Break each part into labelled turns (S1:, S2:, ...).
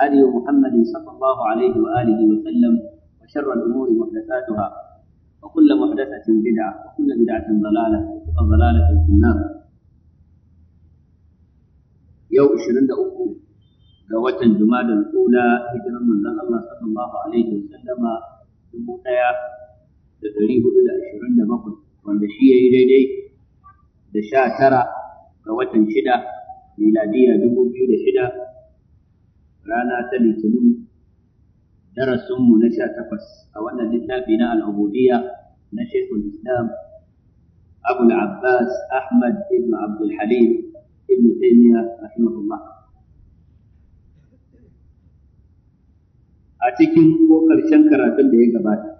S1: هدي محمد صلى الله عليه وآله وسلم وشر الأمور محدثاتها وكل محدثة بدعة وكل بدعة ضلالة وضلالة في النار يوم 23 ga watan Jumadal Ula hijiran manzon Allah sallallahu alaihi wa sallama dubu ɗaya da ɗari hudu da ashirin da bakwai wanda shi ya yi daidai da sha tara ga watan shida miladiya dubu biyu da rana ta litinin darasinmu na sha takwas a wannan littafi na al'ubudiyya na shekul abbas ahmad ibn abdulhalim ibn taymiya rahimahullah a cikin ko ƙarshen karatun da ya gabata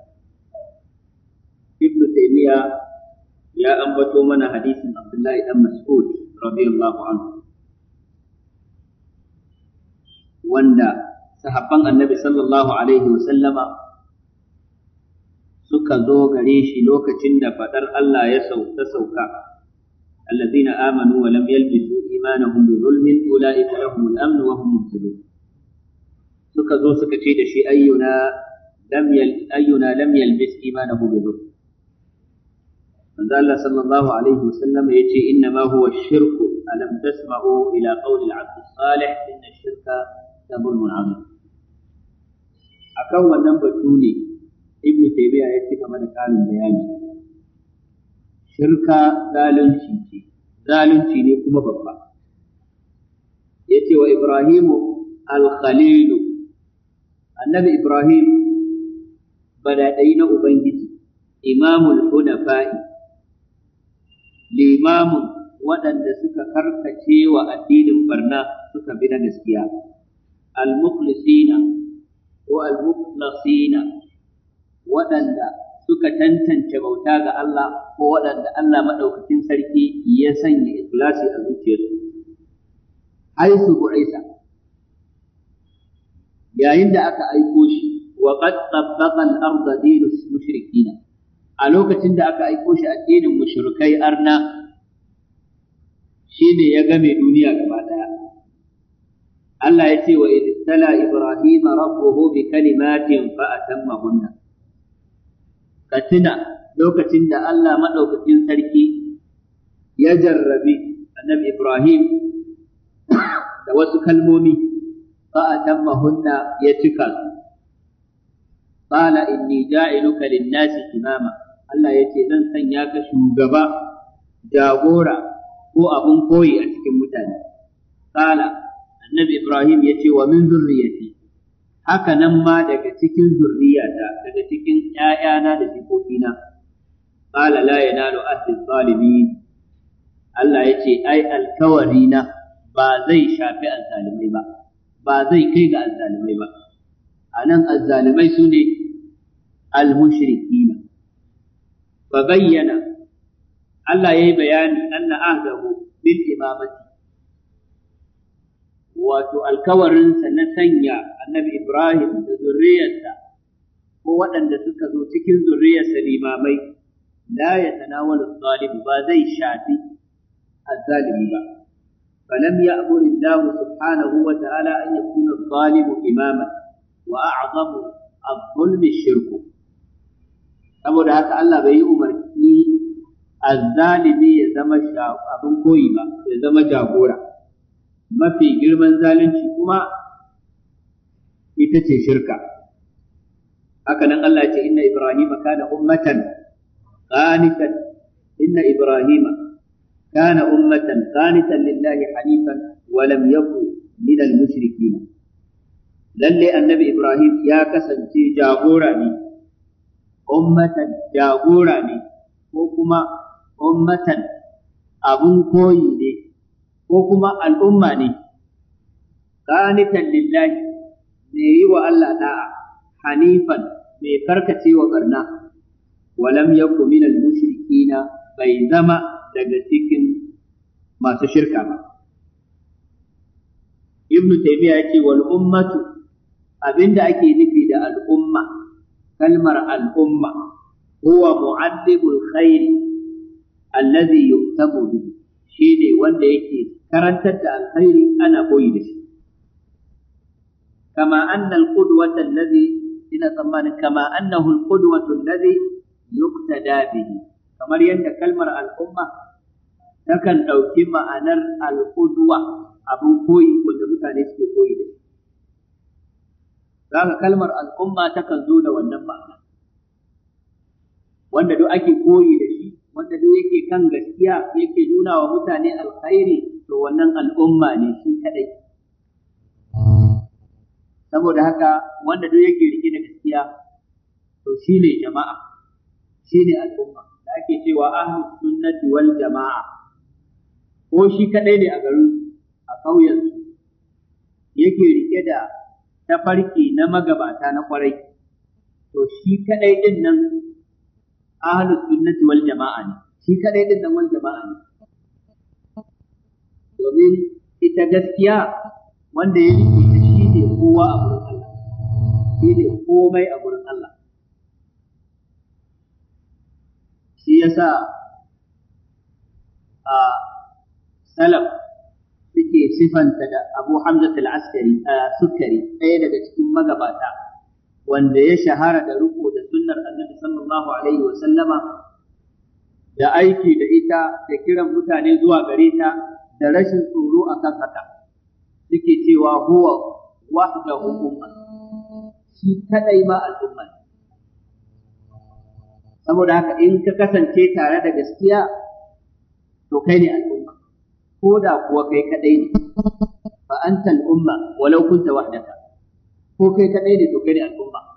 S1: ibn taymiya ya ambato mana hadisin abdullahi dan mas'ud radiyallahu wanda sahabban annabi sallallahu alaihi wasallama suka zo gare shi lokacin da faɗar Allah ya sauka sauka allazina amanu wa lam yalbisu imanahum bi zulmin ulaika lahum al-amn wa hum muhtadun suka zo suka ce da shi ayyuna lam yal ayyuna lam yalbis imanahu bi zulm manzo Allah sallallahu alaihi wasallam yace inna ma huwa shirku alam tasma'u ila qawli al-abd salih inna shirka da zulmun A akan wannan batu ne ibn taymiya ya cika mana karin bayani shirka zalunci ce zalunci ne kuma babba ce wa ibrahimu al annabi ibrahim badadai na ubangiji imamul hunafa'i limamun waɗanda suka karkace wa addinin barna suka bi na gaskiya al-mukhlisina ko al-mukhlasina waɗanda suka tantance bauta ga Allah ko waɗanda Allah madaukakin sarki ya sanya ikilasi a zuciyarsu aisu bu'isa yayin da aka aiko shi wa qad tabbaqa al-ardha dinus mushrikina a lokacin da aka aiko shi addinin mushrikai arna shine ya game duniya gaba daya Allah ya ce wa idtala Ibrahim rabbuhu bi kalimatin fa atammahunna katina lokacin da Allah madaukakin sarki ya jarrabi annabi Ibrahim da wasu kalmomi fa atammahunna ya cika su qala inni ja'iluka lin-nasi imama Allah ya ce zan sanya ka shugaba jagora ko abun koyi a cikin mutane qala annabi Ibrahim ya ce wa min zurriyati haka nan ma daga cikin zurriyata daga cikin ‘ya'yana da jikokina qala la yanalu ahli zalimin Allah ya ce ai alkawari na ba zai shafi azzalimai ba ba zai kai ga azzalimai ba anan azzalimai su ne al-mushrikina fa bayyana Allah ya yi bayani anna ahdahu bil imamati wato alkawarinsa na sanya annabi Ibrahim da zurriyarsa ko waɗanda suka zo cikin zurriyarsa limamai la ya tanawalu zalim ba zai shafi azzalimi ba falam ya'mur Allah subhanahu wa ta'ala an yakuna zalimu imama wa a'zamu adh-dhulm shirku saboda haka Allah bai yi umarni azzalimi ya koyi ba ya zama jagora mafi girman zalunci kuma ita ce shirka haka nan Allah ce inna ibrahima kana ummatan qanitan inna ibrahima kana ummatan qanitan lillahi hanifan wa lam yakun min al mushrikin lalle annabi ibrahim ya kasance jagora ne ummatan jagora ne ko kuma ummatan abun koyi ko kuma al'umma ne qanitan lillahi ne yi wa Allah da'a hanifan mai karkace wa barna walam yakun minal mushrikina bai zama daga cikin masu shirka ba ibnu taymiya yace wal ummatu abinda ake nufi da al'umma kalmar al'umma huwa mu'addibul khair alladhi yuktabu bihi shi ne wanda yake karantar da alkhairi ana koyi da shi kama anna alqudwata allazi ina tsammanin kama annahu alqudwatu allazi yuqtada bihi kamar yadda kalmar al'umma takan ɗauki ma'anar al'udwa abin koyi wanda mutane suke koyi da za ka kalmar al'umma takan zo da wannan wanda duk da wanda duk yake kan gaskiya yake nuna wa mutane alkhairi to wannan al'umma ne shi kadai saboda haka wanda duk yake rike da gaskiya to shi ne jama'a shi ne al'umma da ake cewa ahlu sunnati wal jama'a ko shi kadai ne a garin a kauyen yake rike da tafarki na magabata na kwarai to shi kadai din nan ahlus sunnati wal jama'a ne shi kadai din nan jama'a ne domin ita gaskiya wanda ya yi shi ne kowa a gurin Allah shi ne komai a gurin Allah shi yasa a salaf suke sifanta da Abu Hamza al-Askari a Sukkari ɗaya daga cikin magabata wanda ya shahara da riko da sunnar Annabi sallallahu alaihi wa sallama da aiki da ita da kiran mutane zuwa gare ta da rashin tsoro a akan haka suke cewa huwa wahdahu umma shi kadai ma al'umma saboda haka in ka kasance tare da gaskiya to kai ne al'umma ko da kuwa kai kadai ne fa anta al'umma walau kunta wahdaka ko kai kadai ne to kai ne al'umma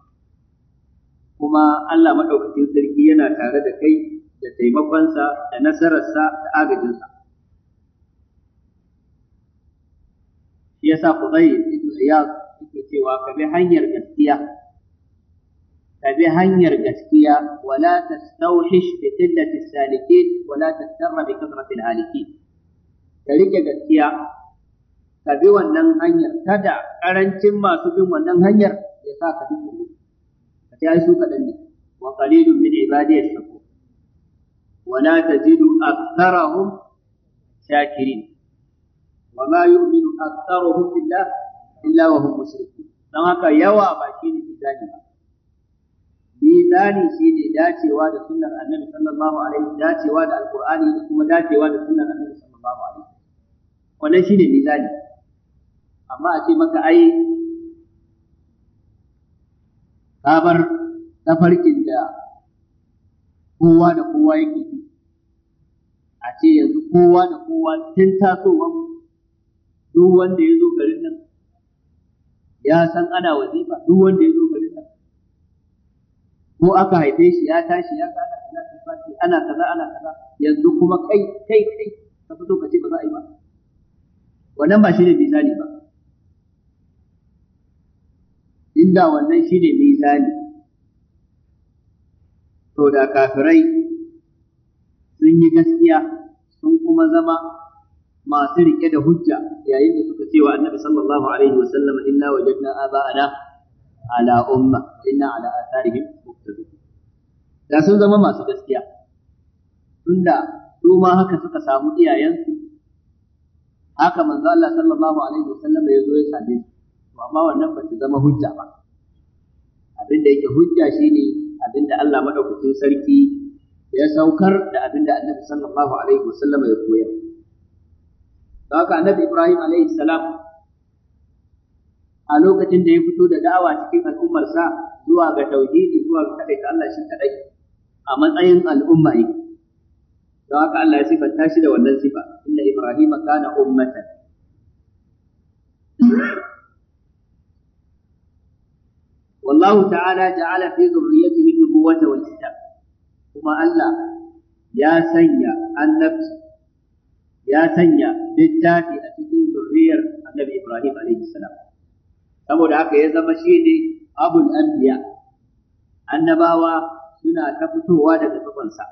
S1: kuma Allah maɗaukakin sarki yana tare da kai da taimakonsa da nasararsa da agajinsa. Shi yasa Fudayl ibn Iyaz yake cewa ka bi hanyar gaskiya ka bi hanyar gaskiya wala ta tastawhish da qillati salikin wala ta tastarra bi kathrati halikin ka rike gaskiya ka bi wannan hanyar kada ƙarancin masu bin wannan hanyar ya sa ka bi ya su kaɗan ne wa qalilun min ibadiyat shakur wa la tajidu aktharahum shakirin wa ma yu'minu aktharuhum billah illa wa hum mushrikun dan haka yawa ba shi ne mizani ba mizani shi ne dacewa da sunnar annabi sallallahu alaihi dacewa da alqur'ani da kuma dacewa da sunnar annabi sallallahu alaihi wannan shi ne mizani amma a ce maka ai ka bar tafarkin da kowa da kowa yake bi a ce yanzu kowa da kowa tun tasowar duk wanda ya zo garin nan ya san ana wazifa duk wanda ya zo garin nan ko aka haife shi ya tashi ya ka ana kaza ana kaza ana kaza yanzu kuma kai kai kai ka fito ka ce ba za a yi ba wannan ba shi ne misali ba inda wannan shi shine mizani to da kafirai sun yi gaskiya sun kuma zama masu rike da hujja yayin da suka cewa annabi sallallahu alaihi wa sallam inna wajadna aba'ana ala umma inna ala atharihim muqtadun da sun zama masu gaskiya tunda su ma haka suka samu iyayensu haka manzo Allah sallallahu alaihi wa sallam ya zo ya same su amma wannan ba ta zama hujja ba abin da yake hujja shine abin da Allah madaukakin sarki ya saukar da abin da Annabi sallallahu alaihi wasallam ya koyar haka Annabi Ibrahim alaihi salam a lokacin da ya fito da da'awa cikin al'ummarsa zuwa ga tauhidi zuwa ga kaɗai Allah shi kaɗai a matsayin al'umma ne. Don haka Allah ya sifanta shi da wannan sifa, inda Ibrahim kana ummatan. wallahu ta'ala ja'ala fi dhurriyyatihi nubuwata wal kitab kuma Allah ya sanya annabci ya littafi a cikin zurriyar annabi Ibrahim alaihi salam saboda haka ya zama shi ne abul anbiya annabawa suna ta fitowa daga tufansa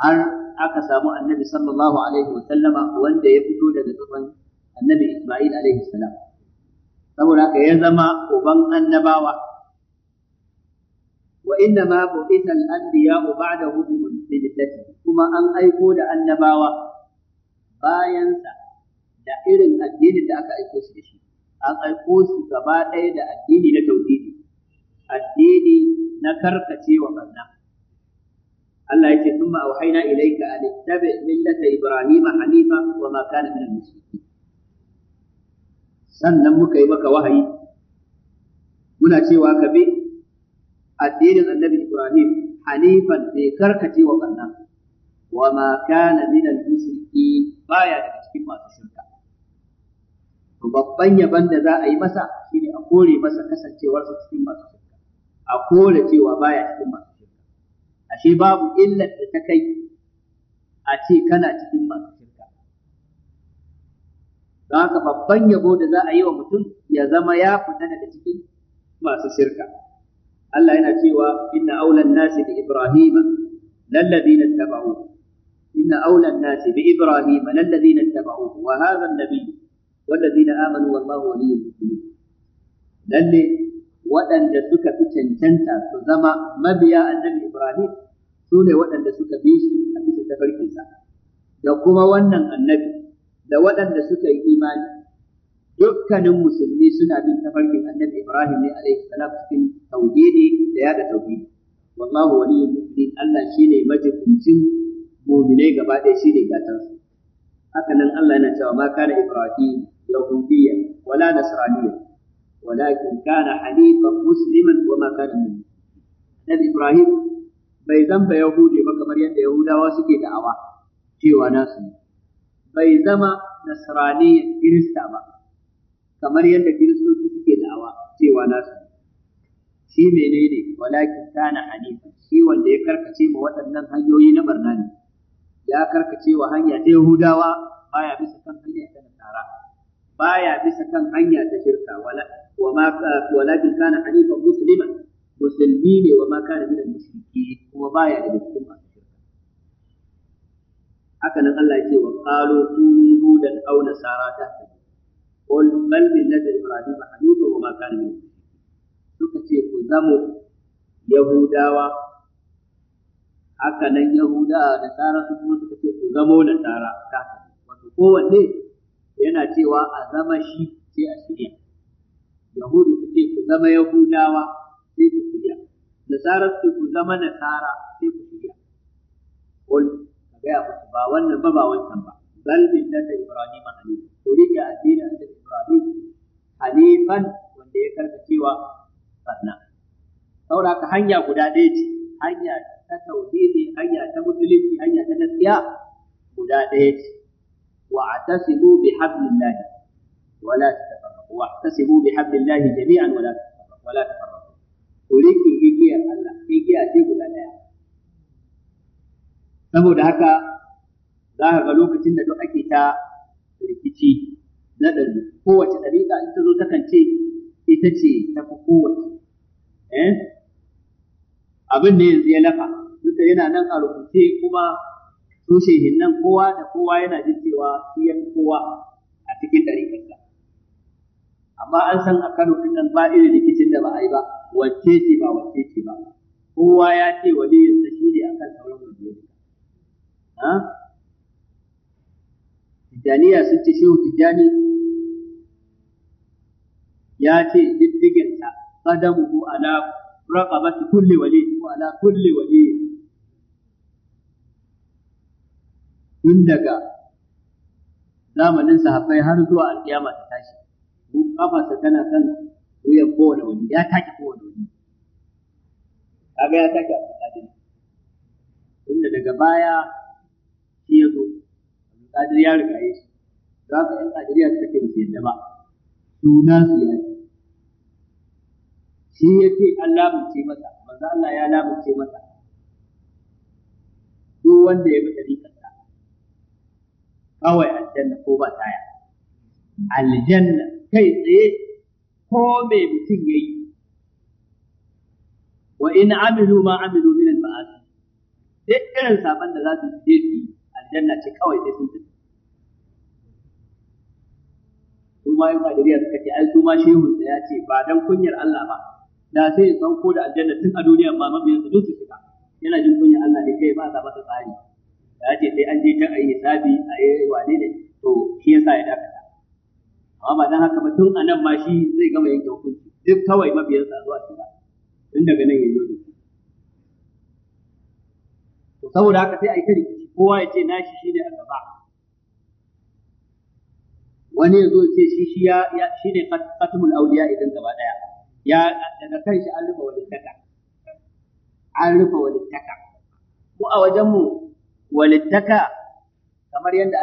S1: har aka samu annabi sallallahu alaihi wa sallama wanda ya fito daga tufan annabi Isma'il alaihi salam saboda ka ya zama uban annabawa wa inna ma bu'itha al-anbiya'u ba'dahu bi millati kuma an aiko da annabawa bayansa da irin addinin da aka aiko su shi an aiko su gaba ɗaya da addini na tauhidi addini na karkacewa barna Allah ya ce thumma auhayna ilayka an ittabi millata ibrahima hanifa wa ma kana minal mushrikin sannan muka yi maka wahayi muna cewa ka bi addinin annabi Ibrahim hanifan bai karkace wa banna wa ma kana min al-mushriki baya daga cikin masu shirka to babban yaban da za a yi masa shine a kore masa sa cikin masu shirka a kore cewa baya cikin masu shirka ashe babu illar da ta kai a ce kana cikin masu don haka babban yabo da za a yi wa mutum ya zama ya fita daga cikin masu shirka Allah yana cewa inna aulan nasi bi ibrahima lalladina tabau inna aulan nasi bi Ibrahim, lalladina tabau wa hadha an-nabi walladina amanu wallahu waliyyul mu'minin lalle waɗanda suka fi cancanta su zama mabiya annabi ibrahim su ne waɗanda suka bi shi a bisa tafarkinsa da kuma wannan annabi da waɗanda suka yi imani dukkanin musulmi suna bin tafarkin annabi Ibrahim ne alaihi salam cikin tauhidi da yada tauhidi wallahu waliyul mu'minin Allah shine majibincin mu'minai gaba ɗaya shine gatan su haka nan Allah yana cewa ma kana Ibrahim yahudiyya wala nasraniyya walakin kana hanifan musliman wa ma kana min Nabi Ibrahim bai zamba Yahudi ba kamar yadda Yahudawa suke da'awa cewa nasu ne bai zama nasraniyin kirista ba kamar yadda kiristoci suke da'awa cewa nasu shi menene walakin kana hanifa shi wanda ya karkace ma waɗannan hanyoyi na barna ne ya karkace wa hanya ta yahudawa baya bisa kan hanya ta nasara baya bisa kan hanya ta shirka wala wa ma walakin kana hanifa musliman musulmi ne wa ma kana minal mushriki kuma baya da cikin masu haka nan Allah ya ce wa qalu kunu hudan aw nasara ta qul bal millati ibrahim hanifa wa ma kana min suka ce ku zamo yahudawa haka nan yahudawa da tsara su kuma suka ce ku zamo da tsara ta wato kowanne yana cewa a zama shi sai a shirya yahudu su ce ku zama yahudawa sai ku shirya nasara su ku zama nasara sai ku shirya gaya musu ba wannan ba ba wancan ba bal millata ibrahim hanif ko rike addinin annabi ibrahim hanifan wanda ya karka cewa sannan saboda haka hanya guda ɗaya ce hanya ta tauhidi hanya ta musulunci hanya ta gaskiya guda ɗaya ce Wa wa'tasibu bihablillahi wala tafarraqu wa'tasibu bihablillahi jami'an wala tafarraqu wala tafarraqu ku rike igiyar Allah igiya ce guda ɗaya saboda haka za ka ga lokacin da duk ake ta rikici na ɗari kowace ɗariƙa ita ta zo takan ce ita ce ta fi kowace eh? abin da yanzu ya lafa duk da yana nan a rubuce kuma tushe shehin nan kowa da kowa yana jin cewa shi ya fi kowa a cikin ɗariƙarsa amma an san a Kano din nan ba irin rikicin da ba a yi ba wacce ce ba wacce ce ba kowa ya ce yanzu shi ne akan sauran wajen Tijjaniya sun ce shehu Tijjani ya ce ƙadamu qadamuhu ala raqabati kulli wali wa ala kulli wali tun daga zamanin sahafai har zuwa alƙiyama ta tashi ta tana kan wuyan kowane wani ya take kowane wani kaga ya take a tsakanin tunda daga baya shi ya zo kadir ya riga ya shi za ka yan kadiriya suka ce musu yadda ba suna su ya ce shi ya ce an lamunce masa manzo Allah ya lamunce masa duk wanda ya bi dariƙarsa kawai aljanna ko ba taya aljanna kai tsaye ko me mutum ya yi wa in amilu ma amilu min al-ma'asi duk irin saban da za su je su yi aljanna ce kawai sai sun tafi su ma yin kadiriya suka ce ai su ma shehu ya ce ba dan kunyar Allah ba da sai san ko da aljanna tun a duniya ba mabiyansa duk su shiga yana jin kunyar Allah ne kai ba za masa tsari ya ce sai an je ta a yi hisabi a yi wane ne to shi yasa ya dakata amma ba dan haka ba tun a nan ma shi zai gama yanke hukunci duk kawai mabiyansa zuwa shiga tun daga nan ya yi to saboda haka sai a yi ta rikici kowa ya ce nashi shi ne a gaba wani ya zo ce shi shi ya shi ne khatmul awliya idan gaba daya ya daga kan shi an rufe walittaka an rufe walittaka ko a wajen mu walittaka kamar yadda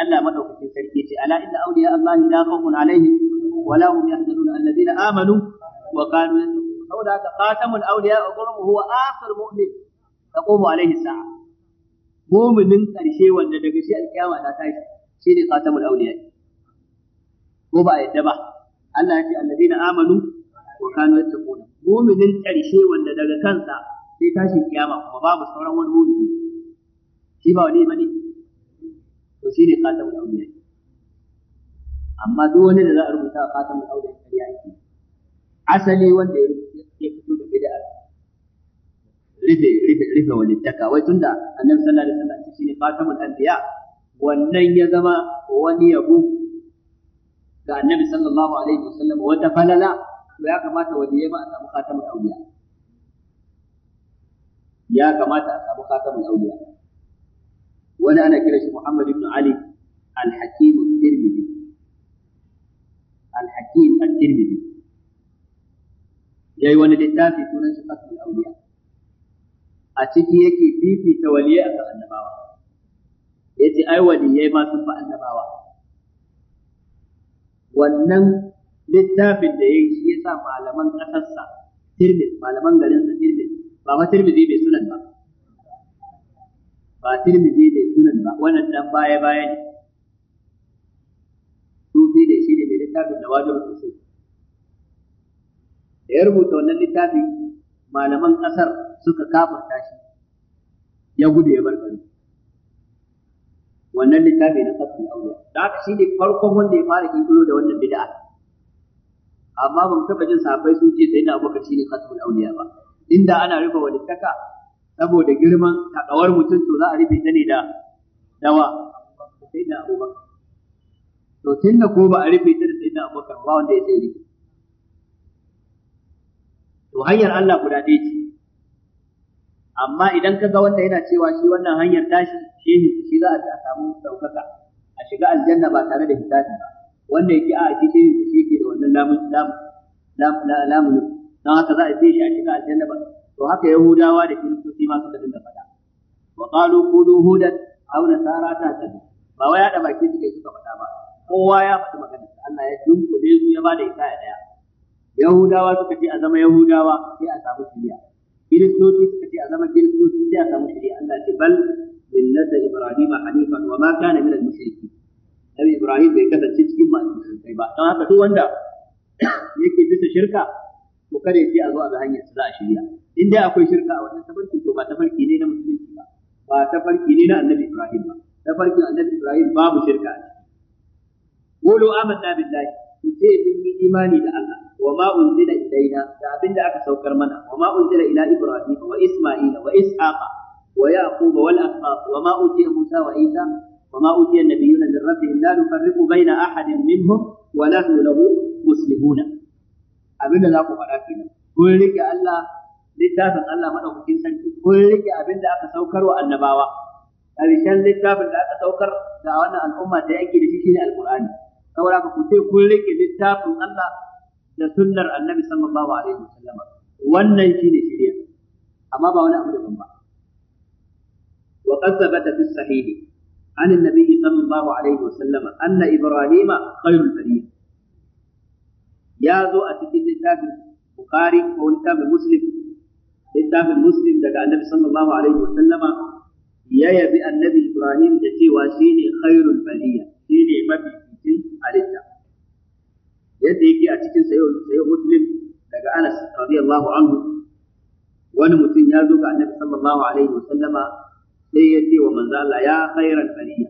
S1: Allah madaukakin sarki ce ala inna awliya Allah la khawfun alaihim wa la hum yahzanun alladhina amanu wa qalu saboda haka khatamul awliya wa qurbu huwa akhir mu'min taqumu alaihi sa'a muminin ƙarshe wanda daga shi alkiyama ta tashi shi ne khatamul awliya ko ba yadda ba Allah ya ce alladina amanu wa kanu yattaquna muminin ƙarshe wanda daga kansa sai tashi kiyama kuma babu sauran wani mumini shi ba wani bane to shi ne khatamul awliya amma duk wani da za a rubuta khatamul awliya ƙarya yake asali wanda ya fito da bid'a rufe rufe rufe walittaka wai tunda annabi sallallahu alaihi wasallam shine fatimul anbiya wannan ya zama wani yabo ga annabi sallallahu alaihi wasallam wata falala to ya kamata waliyai ma a samu khatamul auliya ya kamata a samu khatamul auliya wani ana kira shi Muhammad ibn Ali al-Hakim al-Tirmidhi al-Hakim al-Tirmidhi yayi wani littafi sunan shi Fathul Awliya a ciki yake fifita waliyai kan annabawa yace ai waliyai ma sun fi annabawa wannan littafin da ya yi shi yasa malaman ƙasarsa Tirmidh malaman garinsa Tirmidh ba ma Tirmidhi bai sunan ba ba Tirmidhi bai sunan ba wannan dan baya baya ne sufi da shi ne mai littafin da wajen usul da ya rubuta wannan littafin malaman ƙasar suka kafirta shi ya gudu ya bar gari wannan littafi na fasul aure. da haka shi ne farkon wanda ya fara kinkiro da wannan bid'a amma ban taba jin sahabbai sun ce sai na abubakar shi ne fasul auliya ba inda ana rufe wani taka saboda girman takawar mutum to za a rufe ta ne da dawa sai na abubakar to tun da ko ba a rufe ta da sai na abubakar ba wanda ya sai rufe to hanyar Allah guda ɗaya ce amma idan ka ga wanda yana cewa shi wannan hanyar tashi shi su shi za a samu ɗaukaka a shiga aljanna ba tare da hisabi ba wanda yake a shi shi shi yake da wannan lamun lamun don haka za a ce shi a shiga aljanna ba to haka yahudawa da kiristoci ma suka dinga faɗa wa qalu qulu hudan aw nasara ta ta ba wai da baki suka suka fada ba kowa ya faɗi magana Allah ya dunkule su ya bada isa daya yahudawa suka ce a zama yahudawa sai a samu shiriya kiristoci suka ce a zama kiristoci sai a samu shari'a Allah ce bal min millata ibrahim a hanifan wa ma kana min al-mushriki nabi ibrahim bai kasance cikin masu shirkai ba don haka duk wanda yake bisa shirka to kada ya ce a zo a ga hanyar za a shirya in dai akwai shirka a wannan tafarki to ba tafarki ne na musulunci ba ba tafarki ne na annabi ibrahim ba tafarkin annabi ibrahim babu shirka a ciki qulu amanna billahi ku ce mun yi imani da Allah wa ma unzila ilaina da abin da aka saukar mana wa ma unzila ila ibrahim wa isma'ila wa ishaqa wa yaquba wal asbaq wa ma utiya musa wa isa wa ma utiya nabiyuna min rabbihim la nufarriqu baina ahadin minhum wa nahnu lahu muslimuna abin da za ku faɗa kenan kun rike Allah littafin Allah madaukakin sarki kun rike abin da aka saukar wa annabawa littafin da aka saukar da wannan al'umma da yake da shi shine alqur'ani kun rike littafin Allah da sunnar annabi sallallahu alaihi wasallam wannan shine shari'a amma ba wani abu da daban ba wa qad thabata fi sahih an annabi sallallahu alaihi wasallam anna ibrahima khairul bariyah ya zo a cikin littafin bukhari ko littafin muslim littafin muslim daga annabi sallallahu alaihi wasallama ya yabi annabi ibrahim da cewa shine khairul bariya shine mafi cikin halitta yadda yake a cikin sayo muslim daga anas radiyallahu anhu wani mutum ya zo ga annabi sallallahu alaihi wa sallama sai ya ce wa manzo Allah ya khairan bariya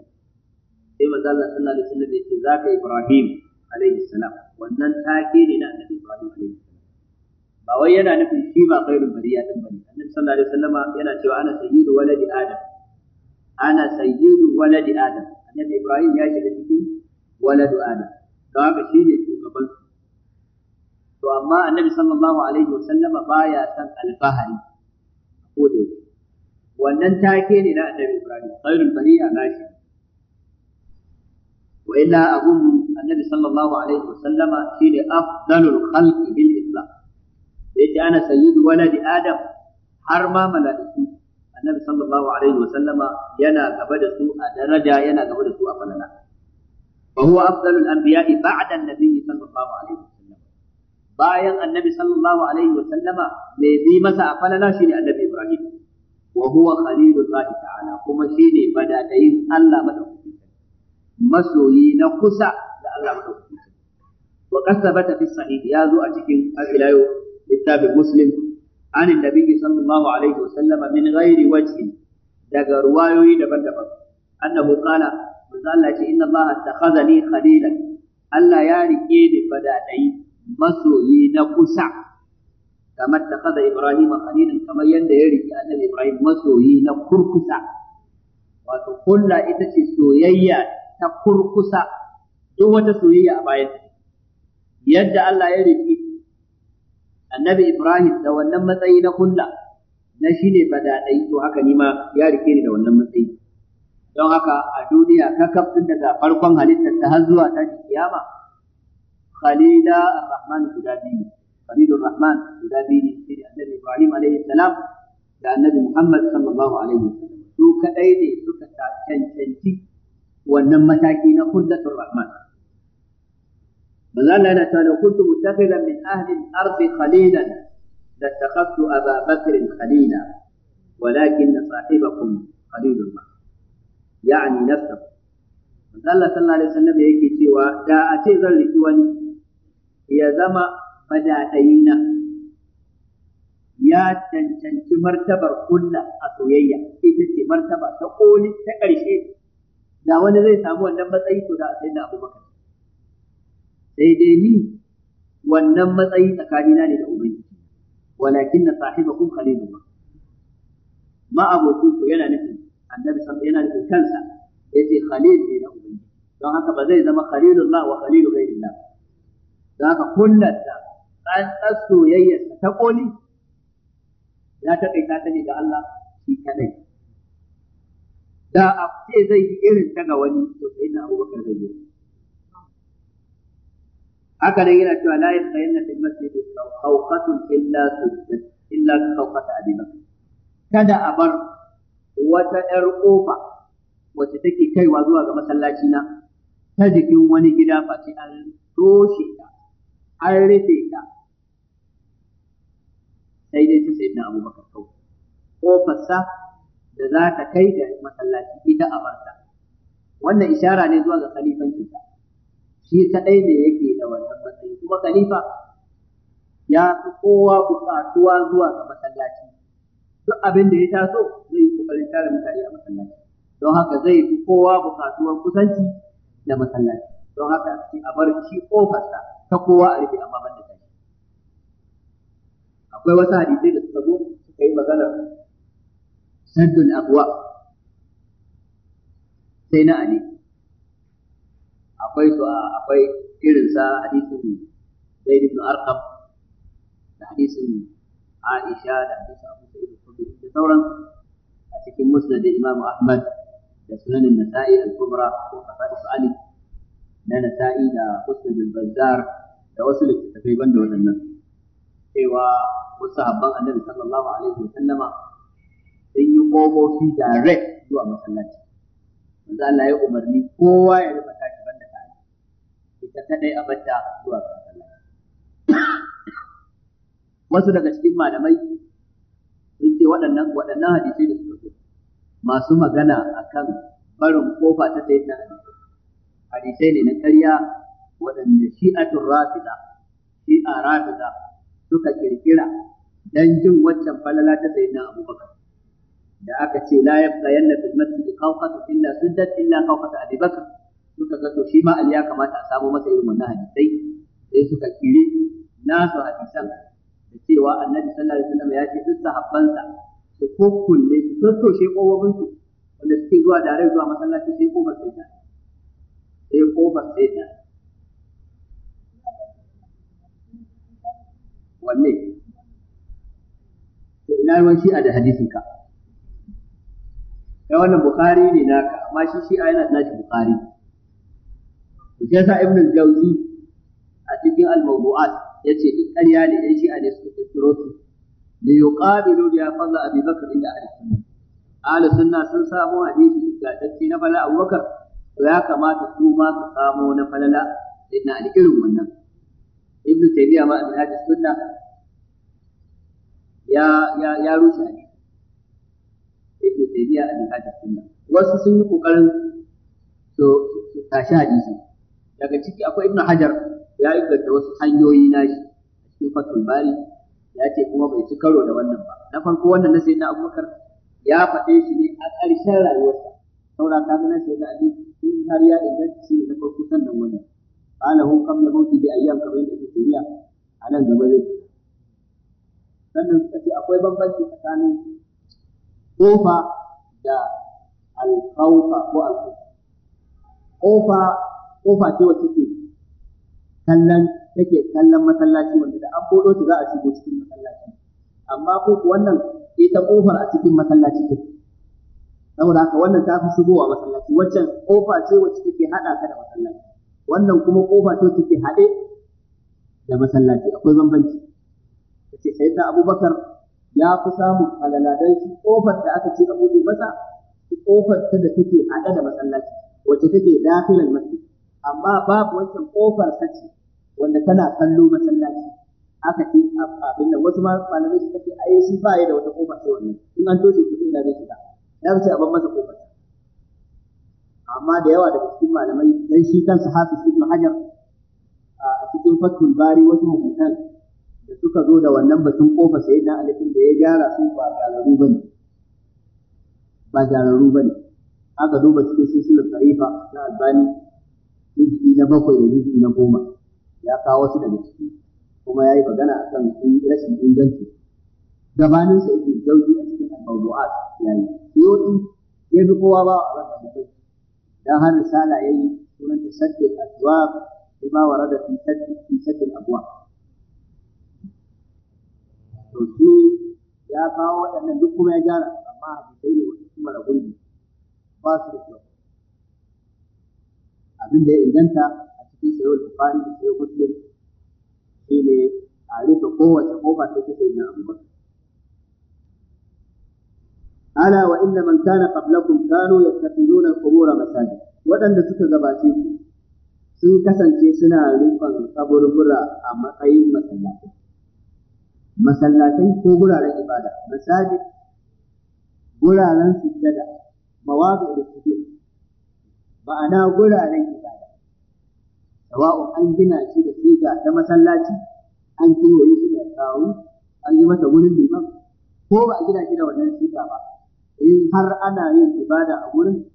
S1: sai manzo Allah sallallahu alaihi wa sallam ya ce zaka ibrahim alaihi salam wannan take ne na annabi ibrahim alaihi salam ba wai yana nufin shi ba khairul bariya din bane annabi sallallahu alaihi wa sallama yana cewa ana sayyidu waladi adam ana sayyidu waladi adam annabi ibrahim ya shiga cikin waladu adam don haka shi ne to amma annabi sallallahu alaihi wa sallama baya san alfahari ko da wannan take ne na annabi Ibrahim khairul bariya nashi wa illa abun annabi sallallahu alaihi wa sallama shine afdalul khalqi bil islam yace ana sayyidu waladi adam har ma mala'iku annabi sallallahu alaihi wa sallama yana gaba da su a daraja yana gaba da su a falala fa huwa afdalul anbiya'i ba'da an-nabi sallallahu alaihi wa bayan annabi sallallahu alaihi wa sallama me bi masa a falala shine annabi Ibrahim wa huwa khalilullah ta'ala kuma shine badadayin Allah madaukakin masoyi na kusa da Allah madaukakin wa kasabata fi sahih ya zo a cikin al-ilayo littafin muslim an annabi sallallahu alaihi wa sallama min ghairi wajhin daga ruwayoyi daban-daban annahu qala manzo Allah ya ce inna Allah takhazani khalilan Allah ya rike ni badadayi masoyi na kusa kamar ta kada Ibrahim Khalilin kamar yadda ya riki annabi Ibrahim masoyi na kurkusa wato kulla ita ce soyayya ta kurkusa duk wata soyayya a bayan yadda Allah ya riki annabi Ibrahim da wannan matsayi na kulla na shine badadai to haka ni ma ya rike ni da wannan matsayi don haka a duniya ta kafin daga farkon halittar ta har zuwa ta kiyama khalila ar guda biyu khalilur rahman guda biyu ne shi da annabi ibrahim alaihi salam da muhammad su kaɗai ne suka cancanci wannan mataki na hullatul rahman manzo Allah yana cewa kuntu muttaqidan min ahli al-ard a لاتخذت أبا بكر خليلا ولكن صاحبكم خليل الله يعني نفسه manzo Allah sallallahu alaihi wasallam yake cewa da a ce zan riki wani ya zama madadayina ya cancanci martabar kunna a soyayya ita ce martaba ta koli ta ƙarshe da wani zai samu wannan matsayi to da sai da abubakar sai dai ni wannan matsayi tsakanina ne da ubangiji walakin na sahibakum khalilullah ma abokin ku yana nufin annabi sallallahu yana nufin kansa yace khalil ne na ubangiji don haka ba zai zama khalilullah wa khalilu za ka kullanta tsantsar soyayyarsa ta ƙoli ya taƙaita ta ne ga Allah shi kadai da a ce zai yi irin ta ga wani to sai na abubakar zai yi haka nan yana cewa layin la na fil masjidi khawqatun illa sujud illa khawqat abina kada a bar wata yar kofa wacce take kaiwa zuwa ga masallaci na ta jikin wani gida face an toshe ta an rufe ta sai dai ta sayi na baka kawai ƙofarsa da za ta kai da masallaci ita a barta wannan ishara ne zuwa ga kita shi kadai ne yake da wannan matsayi kuma khalifa ya fi kowa buƙatuwa zuwa ga masallaci duk abin da ya taso zai yi ƙoƙarin tare mutane a masallaci don haka zai fi kowa buƙatuwar kusanci da masallaci don haka a bar shi ƙofarsa ta kowa a rufe amma ban kai. akwai wasu hadisai da suka zo suka yi maganar saddul abuwa sai na ali akwai su akwai irin sa hadisin zaid ibn arqam da hadisin aisha da hadisin abu sa'id al-khudri da sauran a cikin musnad imam ahmad da sunan an-nasa'i al-kubra ko qasa'is ali na nasa'i da musnad al-bazzar da wasu littattafai banda waɗannan cewa wasu habban annabi sallallahu alaihi wa sallama sun yi ƙofofi direct zuwa masallaci manzo Allah ya umarni kowa ya rufe tashi da ta ita kadai a abada zuwa masallaci wasu daga cikin malamai sun ce waɗannan waɗannan hadisai da suka zo masu magana akan barin kofa ta sayyidina hadisai ne na ƙarya waɗanda shi'atun rafida shi'a rafida suka kirkira dan jin waccan falala ta na abubakar da aka ce la yabqa yanna fil masjid qawqatu illa suddat illa qawqatu abubakar suka ga to shi ma ali ya kamata a samo masa irin wannan hadisai sai suka kiri nasu hadisan da cewa annabi sallallahu alaihi wasallam ya ce duk sahabbansa su kokkulle su tattoshe kowabinsu wanda suke zuwa da rai zuwa masallaci sai kofar sai ta sai kofar sai ta wanne to ina ruwan shi'a da hadisin ka kai wannan bukhari ne naka amma shi shi'a yana da nashi bukhari to sai sa ibnu jawzi a cikin al-mawdu'at yace duk ƙarya ne ɗan shi'a ne suka kirkiro su da yuqabilu bi fadl abi bakr inda ahli sunna ahli sunna sun samu hadisi da dace na fala abubakar to ya kamata su ma su samu na falala inna al-irin wannan ibnu taymiya ma min hadis sunna ya ya ya rushe ne ibnu taymiya min hadis sunna wasu sun yi kokarin to su tashi hadisi daga ciki akwai ibnu hajar ya inganta wasu hanyoyi shi cikin fatul bari ya ce kuma bai ci karo da wannan ba na farko wannan na sayyidina abubakar ya faɗe shi ne a ƙarshen rayuwarsa saura ka ga na sayyidina ali in har ya inganta shi ne na farko sannan wannan qalahu qabla mawti bi ayyam kamar yadda Ibn Taymiya a nan gaba zai sannan suka ce akwai bambanci tsakanin kofa da alkhawfa ko alkhawfa kofa kofa ke kallon masallaci wanda da an buɗo ta za a shigo cikin masallaci amma a cikin masallaci saboda haka wannan ta fi shigowa masallaci waccan kofa ce wacce take haɗa ka da masallaci wannan kuma kofa ce take haɗe da masallaci akwai bambanci kace sayyidina abubakar ya fi samun alaladan shi kofar da aka ce a buɗe masa kofar ta da take haɗe da masallaci wacce take dafilan masjid amma babu wancan kofar sace wanda tana kallo masallaci aka ce abin da wasu malamai suka ce ai shi ba ya da wata kofa sai wannan in an toshe to sai ina zai shiga ya ce a ban masa kofar amma da yawa daga cikin malamai dan shi kansa Hafiz Ibn Hajar a cikin fatul Bari wasu hadisan da suka zo da wannan batun kofa sai da alifin da ya gyara su ba gararu bane ba gararu bane aka duba cikin silsilar tarifa na Albani juz'i na bakwai da juz'i na goma ya kawo wasu daga ciki kuma ya yi magana akan rashin inganci gabanin sa ke jauji a cikin al-mawdu'at yayi yau ya fi kowa ba a ran da dan har risala yayi sunan tasaddud abwab bima warada fi sadd fi sadd abwab to shi ya kawo waɗannan duk kuma ya gyara amma hadisai ne wanda kuma da gurbi ba su da kyau abin da ya inganta a cikin sayyid bukhari da sayyid muslim shine a rufe kowace kofa sai ta sayyidina abubakar ألا وإن من كان قبلكم كانوا يتخذون القبور مساجد waɗanda suka gabace ku sun kasance suna rufan kaburbura a matsayin masallatai. Masallatai ko guraren ibada, masajid, guraren sujjada, mawaƙi da sujjada, ma'ana guraren ibada. Sawa'un an gina shi da siga ta masallaci, an kewaye shi da kawo, an yi masa wurin liman, ko ba a gina shi da wannan siga ba, in har ana yin ibada a wurin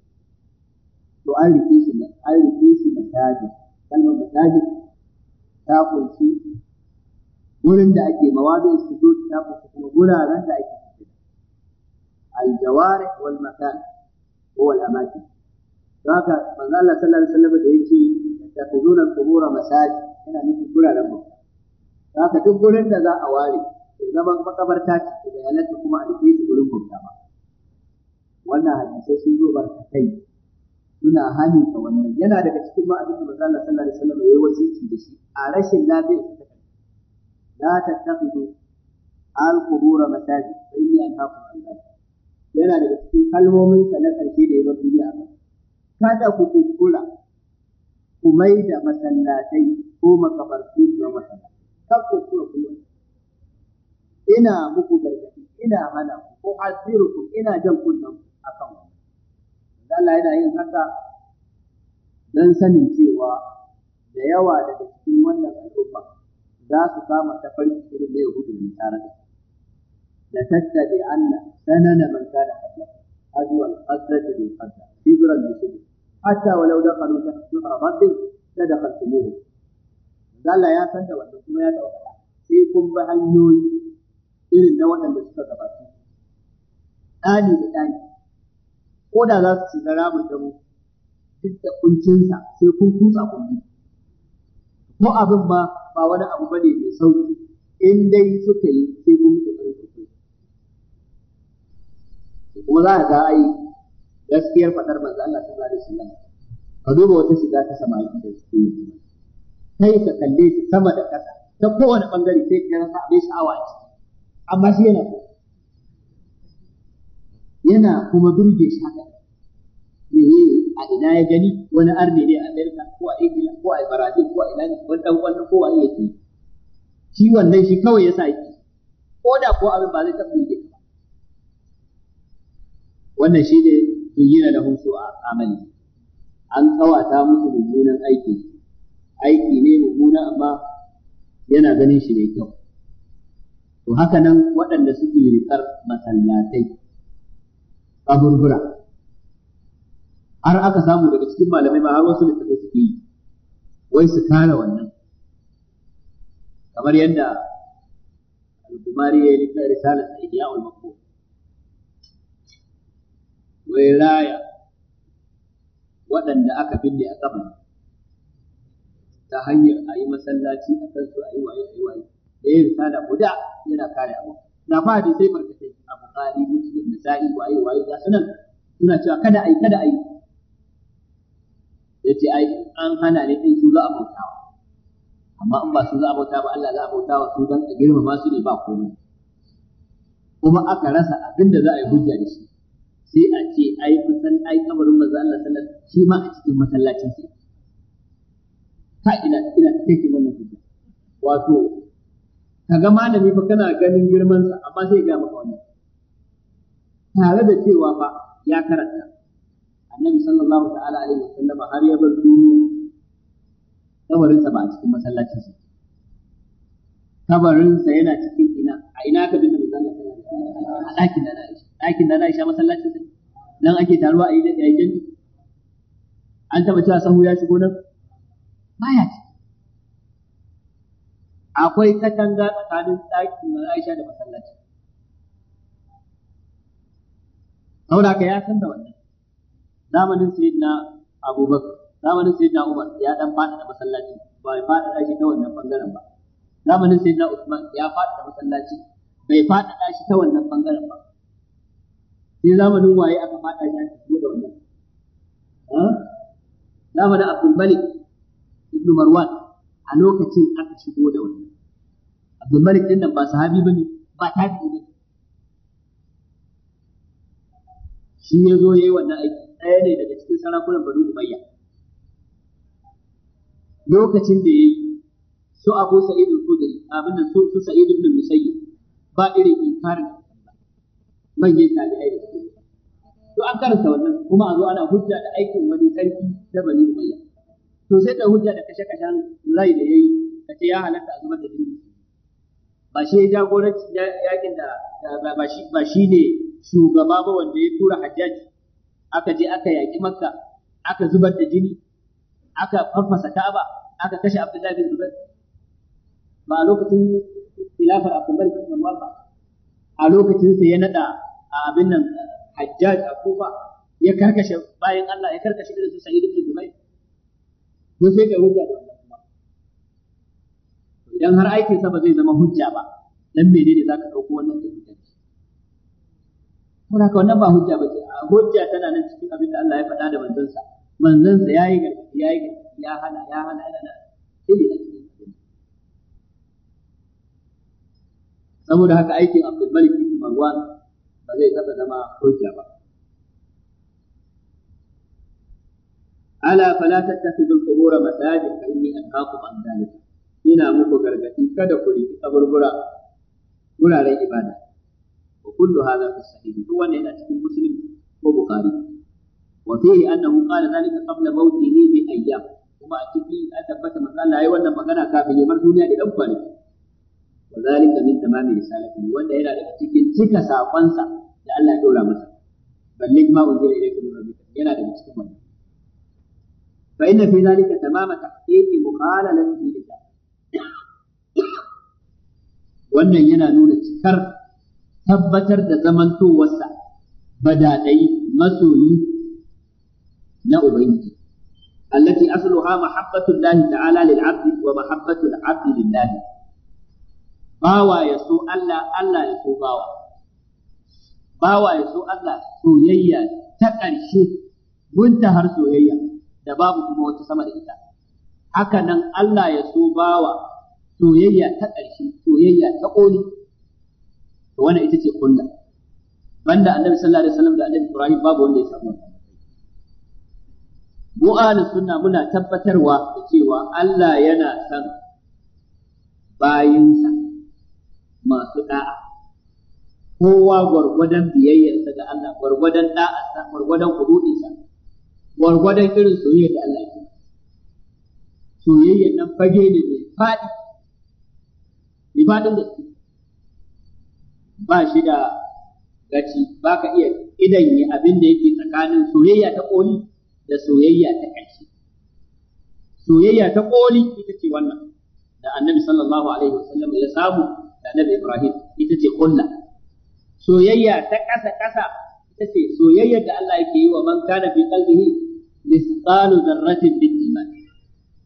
S1: to an rike shi an rike shi masajid kalmar masajid ta kunshi wurin da ake mawadin zo ta kunshi kuma guraren da ake cikin al-jawari wal makan ko wal amakin haka manzo Allah sallallahu alaihi wasallam da yake tafizuna al kubura masajid yana nufin guraren mu haka duk gurin da za a ware ya zama makabarta ce da yalanta kuma a rike shi gurin bauta ba wannan hadisai sun zo barkatai suna hani ga wannan yana daga cikin ma abin da manzo Allah sallallahu alaihi wasallam yayi wasiki da shi a rashin lafiya ta kai la tattakhidu al-qubur masajid fa inni anhaqu an yana daga cikin kalmomin sa na karshe da ya bar duniya a kada ku kuskura ku mai da masallatai ko makabartu da masallatai kar ku kuskura ina muku gargadi ina hana ku ko ku ina jan kunnen akan ku. Allah yana yin haka don sanin cewa da yawa daga cikin wannan al'umma za su kama tafarki irin da Yahudu da Nasara da tattabi anna sanana man kana qabla azwa al-qadrat bil qadra ibran bi shibr hatta walau dakhalu tahta da la dakhaltumuhu Allah ya san da wannan kuma ya tabbata sai kun bi hanyoyi irin na waɗanda suka gabata ɗani da ɗani ko da za su shiga ramin dabo duk da kuncinsa sai kun kutsa kun ko abin ma ba wani abu ne mai sauki in dai suka yi sai kun mutu ƙarfi kuma za a ga ai gaskiyar faɗar manzo Allah sallallahu shi nan. ka duba wata shiga ta samari da suke yi sai ka kalle ta sama da ƙasa ta kowane bangare sai ka rasa abin sha'awa ce amma shi yana so yana kuma birge shi haka me a ina ya gani wani arne ne a Amerika ko a Ingila ko a Brazil ko a ina ne wani dan wannan ko a yake shi wannan shi kawai yasa yake ko da ko abin ba zai taɓa birge ka wannan shi ne bayyana da hunsu a amali an kawata musu mummunan aiki aiki ne mummuna amma yana ganin shi mai kyau to haka nan waɗanda suke riƙar masallatai gurgura har aka samu daga cikin malamai ma har wasu littafai suke yi wai su kare wannan kamar yadda al ya yi da sa iya mako? wai raya waɗanda aka binne a kabari ta hanyar a yi masallaci a kansu a yi waye a yi waye da yin risala guda yana kare abu da ba da sai barkatai a bukari muslim da sa'i waye waye ga sanan suna cewa kada ai kada ai yace ai an hana ne in su za a bautawa amma in ba su za a bauta ba Allah za a bauta wa su dan a girmama su ne ba komai kuma aka rasa abinda za a yi hujja da shi sai a ce ai masal ai kabarin manzo Allah sallallahu alaihi wasallam shi ma a cikin masallacin sa ta ina ina take wannan hujja wato kaga malami fa kana ganin girman sa amma sai ga maka wannan tare da cewa fa ya karanta annabi sallallahu ta'ala alaihi wasallam har ya bar duniya kabarin sa ba a cikin masallaci sa kabarin sa yana cikin ina a ina ka binne manzon Allah a ɗakin da Aisha ɗakin da Aisha masallaci sa nan ake taruwa a yi da yayin an taba cewa sahu ya shigo nan baya ciki akwai katanga tsakanin ɗakin na Aisha da masallaci saboda ka ya san da wannan zamanin sayyidina Abubakar zamanin sayyidina Umar ya dan fada da masallaci ba ya fada da shi ta wannan bangaren ba zamanin sayyidina Usman ya fada da masallaci bai fada da shi ta wannan bangaren ba sai zamanin waye aka fada shi ko da wannan zamanin Abdul Malik ibn Marwan a lokacin aka shigo da wannan Abdul Malik din nan ba sahabi bane ba tabi'i ba. shi ya zo yayi wannan aiki ɗaya ne daga cikin sarakunan Bani Umayya lokacin da yayi su Abu Sa'id al-Khudri abin nan su Sa'id ibn Musayyib ba irin inkarin manyan tabi'i da shi to an karanta wannan kuma a zo ana hujja da aikin wani sarki da Bani Umayya to sai da hujja da kashe-kashen rai da yayi kace ya halatta a zubar da jini ba shi ya jagoranci yakin da ba shi ne shugaba ba wanda ya tura hajjaji aka je aka yaƙi makka aka zubar da jini aka farfasa ka'aba aka kashe abdullahi bin zubair ba a lokacin khilafar abdullahi bin zubair ba a lokacin ya nada a abin nan hajjaji a kufa ya karkashe bayan Allah ya karkashe da su da bin zubair ko sai ga hujja da wannan idan har aikin sa ba zai zama hujja ba dan menene zaka dauko wannan kai hujja
S2: kuma haka wannan ba hujja ba
S1: ce hujja tana nan cikin abin da Allah ya faɗa da manzon sa manzon sa yayi ga yayi ga ya hana ya hana yana da sai da saboda haka aikin Abdul Malik bin Marwan ba zai taba zama hujja ba ألا فلا تتخذوا القبور مساجد فإني أنهاكم عن ذلك ina muku gargadi kada ku riki kaburbura wuraren ibada wa kullu hadha fi sahih duk wanda yana cikin muslim ko bukhari wa fihi annahu qala dhalika qabla mawtihi bi ayyam kuma a ciki an tabbata manzo Allah yayi wannan magana kafin ya bar duniya da dan kwanaki wa dhalika min tamami risalatihi wanda yana daga cikin cika sakonsa da Allah ya dora masa ballig ma unzila ilayka min rabbika yana daga cikin wannan fa inna fi dhalika tamama tahqiqi mukhalalatihi lillah wannan yana nuna cikar tabbatar da zamantowarsa badadai masoyi na ubangiji allati asluha mahabbatu llahi ta'ala lil 'abdi wa mahabbatu al 'abdi lillahi bawa ya so Allah Allah ya so bawa bawa ya so Allah soyayya ta ƙarshe har soyayya da babu kuma wata sama da ita haka nan Allah ya so bawa soyayya ta ƙarshe soyayya ta ƙoli to wannan ita ce kulla banda annabi sallallahu alaihi wasallam da annabi Ibrahim babu wanda ya samu mu ahlus sunna muna tabbatarwa da cewa Allah yana son bayinsa masu da'a kowa gwargwadon biyayyarsa ga Allah gwargwadon da'arsa gwargwadon kududinsa gwargwadon irin soyayya da Allah ke soyayya nan fage ne mai faɗi mai faɗin gaske ba shi da gaci ba ka iya idanye abin da yake tsakanin soyayya ta ƙoli da soyayya ta ƙarshe soyayya ta ƙoli ita ce wannan da annabi sallallahu alaihi wasallam ya samu da annabi ibrahim ita ce ƙulla soyayya ta ƙasa ƙasa ita ce soyayya da Allah yake yi wa man kana fi qalbihi misqalu dharratin bil iman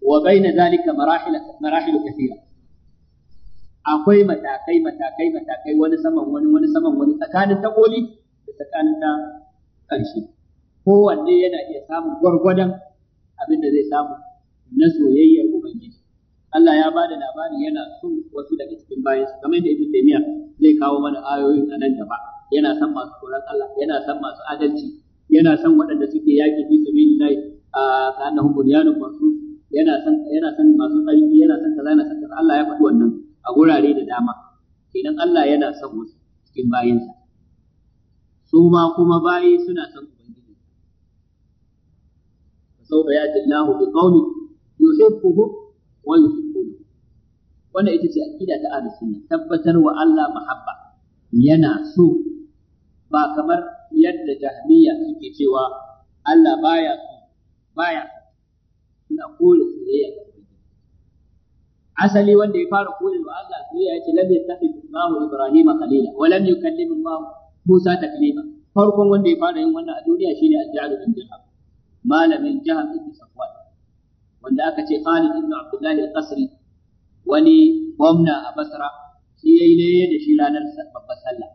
S1: wa bayna dhalika marahil marahil kathira akwai matakai matakai matakai wani saman wani wani saman wani tsakanin ta koli da tsakanin ta ƙarshe kowanne yana iya samun gwargwadon abin da zai samu na soyayyar ubangiji Allah ya bada labari yana son wasu daga cikin su kamar yadda Ibn Taymiyyah zai kawo mana ayoyin a nan gaba yana son masu tsoron Allah yana son masu adalci yana son waɗanda suke yaƙi fi sabilillahi a ka annahum bunyanun yana son yana san masu tsarki yana son kaza yana san kaza Allah ya faɗi wannan a gurare da dama kenan Allah yana son wasu cikin bayinsa su ma kuma bayi suna son ubangiji ya yati Allahu bi Yusuf, yuhibbuhum wa yuhibbunahu wannan ita ce akida ta ahlus sunna tabbatar wa Allah mahabba yana so ba kamar yadda jahmiya suke cewa Allah baya so baya suna kore soyayya asali wanda ya fara koyi wa Allah soyayya yace lam yattakhidhu Allahu Ibrahima khalila wa lam yukallim Allah Musa taklima farkon wanda ya fara yin wannan a duniya shine al-Ja'd bin Dirham malamin Jaham ibn Safwan wanda aka ce Khalid ibn Abdullah al-Qasri wani gwamna a Basra shi yayi laye da shi ranar babbar sallah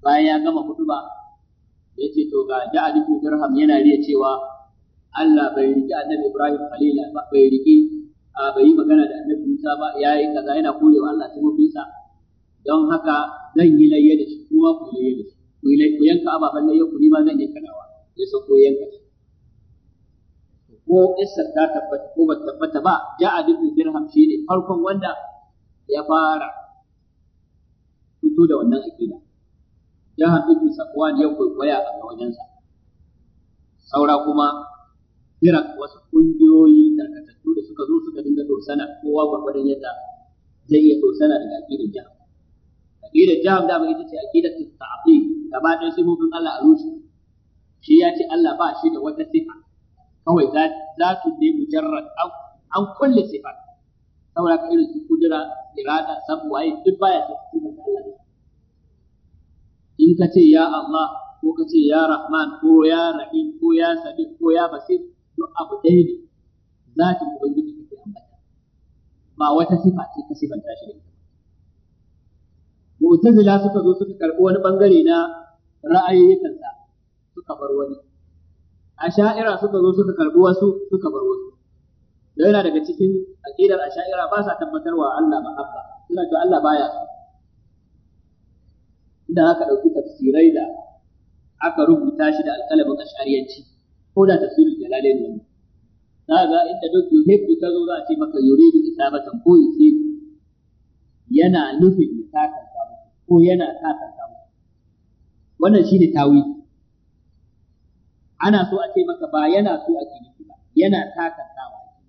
S1: bayan ya gama hutuba ce to ga Ja'd ibn Dirham yana riya cewa Allah bai riki Annabi Ibrahim khalila ba bai riki a bai yi magana da annabi Musa ba ya yi kaza yana korewa Allah sa. don haka zan yi layya da shi kuma ku layya da shi ku yi ku yanka ababen layya ku ni ma zan yanka nawa ya sauko yanka shi ko kissar ta tabbata ko ba tabbata ba Ja a ibn dirham shi ne farkon wanda ya fara fito da wannan akida jahan sakwa ne ya kwaikwaya a wajensa saura kuma kira wasu kungiyoyi da suka zo suka dinga dosana kowa gwargwadon yadda zai iya dosana daga aƙidar jihar aƙidar jihar dama ita ce aƙidar ta'afi gaba ɗaya sifofin Allah a rushe shi ya ce Allah ba shi da wata sifa kawai za su ne mujarrad an kulle sifa saboda ka irin su kudura irada sabu waye duk baya sifar da Allah in ka ce ya Allah ko ka ce ya Rahman ko ya Rahim ko ya Sadiq ko ya Basir duk abu ɗaya ne zatin ubangiji kake ambata ba wata sifa ce ka sifanta shi da ita suka zo suka karɓi wani bangare na ra'ayoyinsa suka bar wani suka zo suka karɓi wasu suka bar da yana daga cikin aqidar asha'ira ba sa tabbatarwa Allah mahabba suna cewa Allah baya so inda aka ɗauki tafsirai da aka rubuta shi da alƙalamin ash'ariyanci ko da tafsirin jalalain wannan za ga inda duk yuhibbu ta zo za a ce maka yuridu isabatan ko yusibu yana nufin ya sakanta maka ko yana sakanta maka wannan shi ne tawi ana so a ce maka ba yana so a ke nufi ba yana sakantawa ake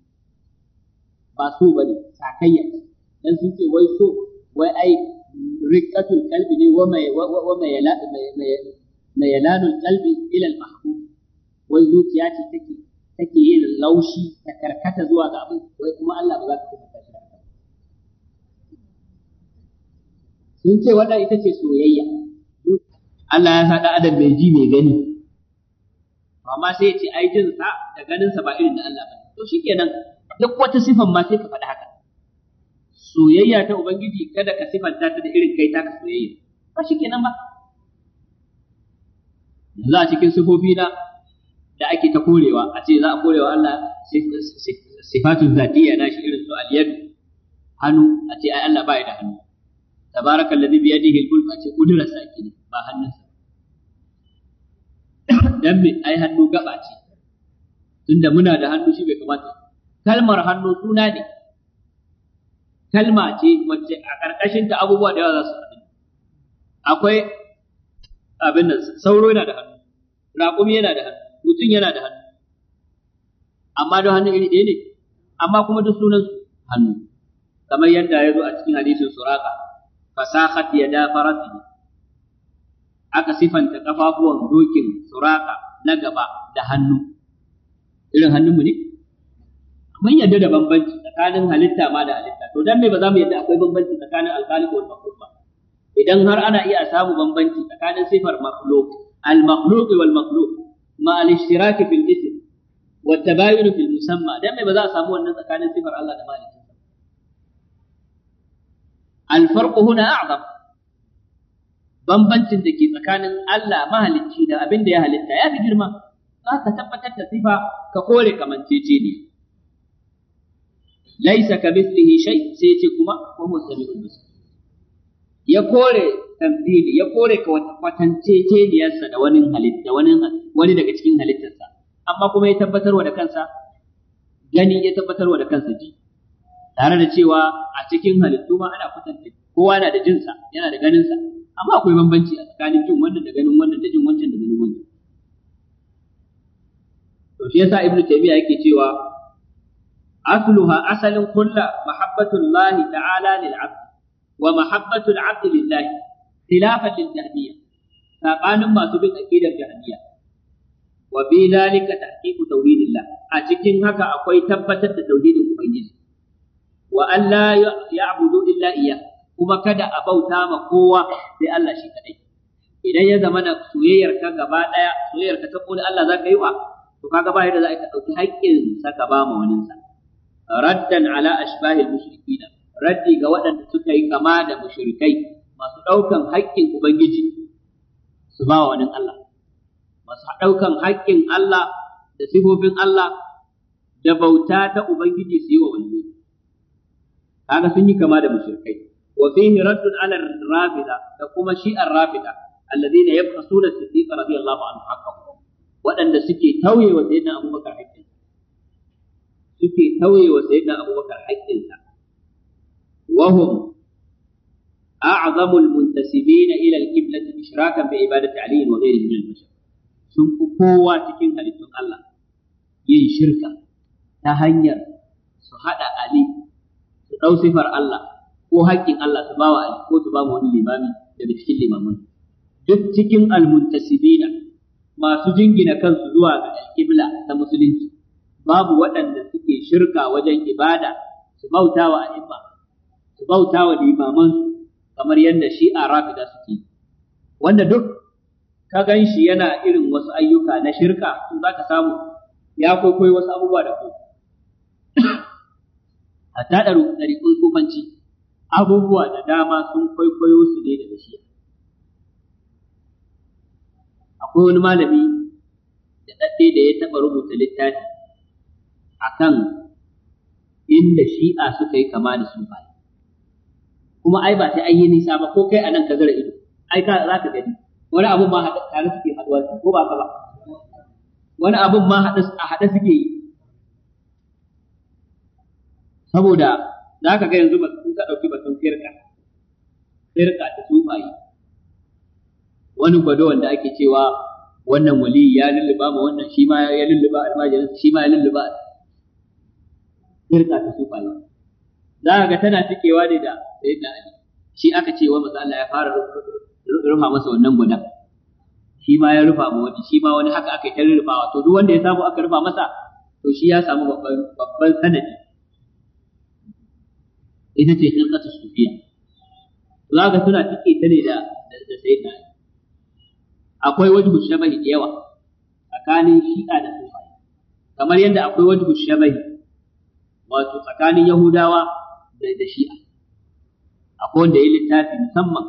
S1: ba so bane sakayya dan sun ce wai so wai ai riqatul qalbi ne wa mai wa mai yala mai yalanul qalbi ila al mahbub wai zuciya ce take take yin laushi ta karkata zuwa ga abin wai kuma Allah ba za ta karkata shi sun ce wannan ita ce soyayya Allah ya sa adam mai ji mai gani amma sai ya ce ai jin sa da ganin sa ba irin da Allah ba to shikenan duk wata sifan ma sai ka faɗi haka soyayya ta ubangiji kada ka sifanta ta da irin kai taka soyayya ba shikenan ba yanzu a cikin sifofi na da ake ta korewa a ce za a korewa Allah sifatun zatiya na shi irin su aliyadu hannu a ce ai Allah baya da hannu tabarakal ladhi bi yadihi al-mulk a ce kudura saki ne ba hannunsa dan me ai hannu gaba ce tunda muna da hannu shi bai kamata kalmar hannu suna ne kalma ce wacce a karkashin ta abubuwa da yawa za su faɗi akwai abin nan sauro yana da hannu raƙumi yana da hannu mutum yana da hannu amma da hannu iri ɗaya ne amma kuma duk sunan hannu kamar yadda ya zo a cikin hadisin suraka fasakhat yada farasi aka sifanta kafafuwan dokin suraka na gaba da hannu irin hannunmu ne mun yadda da bambanci tsakanin halitta ma da halitta to dan me ba za mu yadda akwai bambanci tsakanin alkhaliq wal ba idan har ana iya samu bambanci tsakanin sifar makhluq al makhluq wal makhluq مع الاشتراك في الاسم والتباين في المسمى dan me ba za a samu wannan tsakanin sifar Allah da malikin sa alfarqu huna a'zam bambancin da ke tsakanin Allah mahalicci da abin da ya halitta ya fi girma za ka tabbatar da sifa ka kore kamancece ne laisa ka mislihi shay sai ce kuma wa huwa samiul basir ya kore tamthili ya kore ka wata kwatanceceniyarsa da wani halitta wani wani daga cikin halittarsa amma kuma ya tabbatarwa da kansa gani ya tabbatarwa da kansa ji tare da cewa a cikin halittu ma ana kwatanta kowa na da jinsa yana da ganinsa amma akwai bambanci a tsakanin jin wannan da ganin wannan da jin wancan da ganin wancan to shi yasa ibnu taymiya yake cewa asluha asalin kullu mahabbatullahi ta'ala lil abd wa mahabbatul abdi lillahi khilafan lil jahmiyya masu bin aqidar jahmiyya wa bi zalika tahqiqu tauhidillah a cikin haka akwai tabbatar da tauhidin ubangiji wa an ya ya'budu illa iya kuma kada a bauta ma kowa sai Allah shi kadai idan ya zama na soyayyar ka gaba daya soyayyar ka ta koli Allah za ka yi wa to kaga ba yadda za ka dauki haƙƙin sa ka ba ma wani sa raddan ala ashbahil mushrikin raddi ga waɗanda suka yi kama da mushrikai masu ɗaukan haƙƙin ubangiji su ba wa Allah masu ɗaukan haƙƙin Allah da sifofin Allah da bauta ta ubangiji su yi wa wani kaga sun yi kama da mushrikai wa fihi raddun ala rafida da kuma shi'ar rafida alladhina yabkhasuna siddiq radiyallahu anhu haqqahu waɗanda suke tauye wa sayyidina abubakar haƙƙinsa suke tauye wa sayyidina abubakar haƙƙinsa وهم أعظم المنتسبين إلى القبلة إشراكا بعبادة علي وغيره من البشر sun fi kowa cikin halittun Allah yin shirka ta hanyar su haɗa Ali su ɗau sifar Allah ko haƙƙin Allah su bawa Ali ko su bawa wani limami daga cikin limaman duk cikin almuntasibina masu jingina kansu zuwa ga alƙibla ta musulunci babu waɗanda suke shirka wajen ibada su bautawa a'imma su bauta wa limaman kamar yadda shi a rafida suke wanda duk ka gan shi yana irin wasu ayyuka na shirka in za ka samu ya kwaikwai wasu abubuwa da ku a ta ɗariƙun tsofanci abubuwa da dama sun kwaikwayo su ne daga shi akwai wani malami da ɗaɗɗe da ya taɓa rubuta littafi a kan inda shi'a suka yi kama da sufaye kuma ai ba sai an yi nisa ba ko kai a nan ka zara ido ai ka za ka gani wani abun ma tare suke haɗuwa ko ba ka ba wani abun ma a haɗa suke yi saboda za ka ga yanzu in ka ɗauki batun firka firka ta yi. wani gwado wanda ake cewa wannan wali ya lulluba ma wannan shi ma ya lulluba almajirin shi ma ya lulluba firka ta yi. za ka ga tana cikewa ne da da Ali shi aka ce wa manzo Allah ya fara rufa masa wannan gudan shi ma ya rufa ma wani shi ma wani haka aka yi ta rufawa to duk wanda ya samu aka rufa masa to shi ya samu babban babban sanadi ita ce hilqatu sufiya za ka suna cike ta ne da da sayyidina Ali akwai wajhu shabahi da yawa tsakanin shi'a da sufai kamar yadda akwai wajhu shabahi wato tsakanin yahudawa da shi'a akwai wanda ya littafi musamman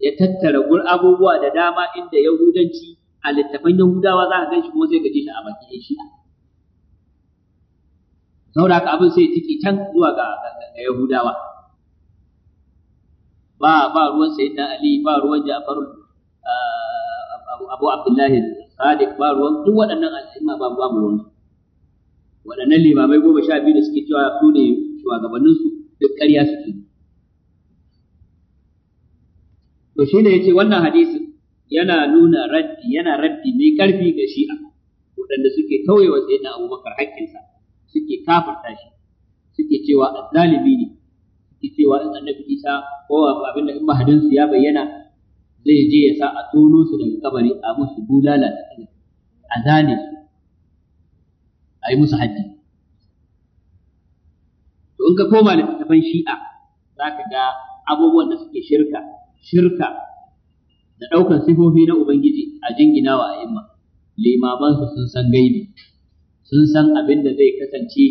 S1: ya tattara gur abubuwa da dama inda yahudanci a littafan yahudawa za a ganshi kuma zai gaji shi a bakin yan shi'a saboda haka abin sai tiki can zuwa ga yahudawa ba ba ruwan sayyidina ali ba ruwan ja'far ah, abu abdullahi sadiq ba ruwan duk waɗannan al'umma ba ba ruwan waɗannan limamai goma sha biyu da suke cewa su ne shugabanninsu duk ƙarya suke to ya ce wannan hadisin yana nuna raddi yana raddi mai ƙarfi ga shi'a waɗanda suke tauye wa sayyidina Abubakar haƙƙinsa suke kafarta shi suke cewa azzalimi ne suke cewa in annabi Isa ko abinda in mahadinsu ya bayyana zai je ya sa a tono su daga kabari a musu bulala ta a zane su a yi musu haddi in ka koma littattafan shi'a za ka ga abubuwan da suke shirka shirka da ɗaukan sifofi na ubangiji a jingina wa a'imma limamansu sun san gaibi sun san abin da zai kasance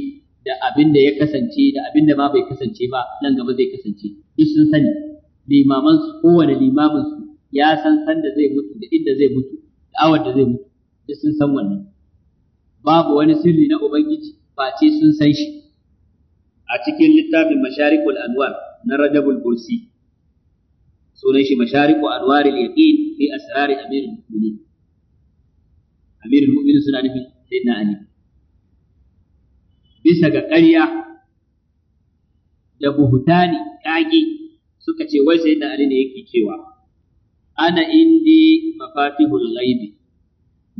S1: da abin da ya kasance da abin da ma bai kasance ba nan gaba zai kasance duk sun sani limamansu kowane limaminsu ya san san da zai mutu da inda zai mutu da awar da zai mutu duk sun san wannan babu wani sirri na ubangiji face sun san shi a cikin littafin masharikul anwar na rajabul bursi sunan shi masharikul anwar al-yaqin fi asrari amirul mu'minin amirul mu'minin suna nufin sayyidina ali bisa ga ƙarya da buhutani kage suka ce wai sayyidina ali ne yake cewa ana indi mafatihul ghaibi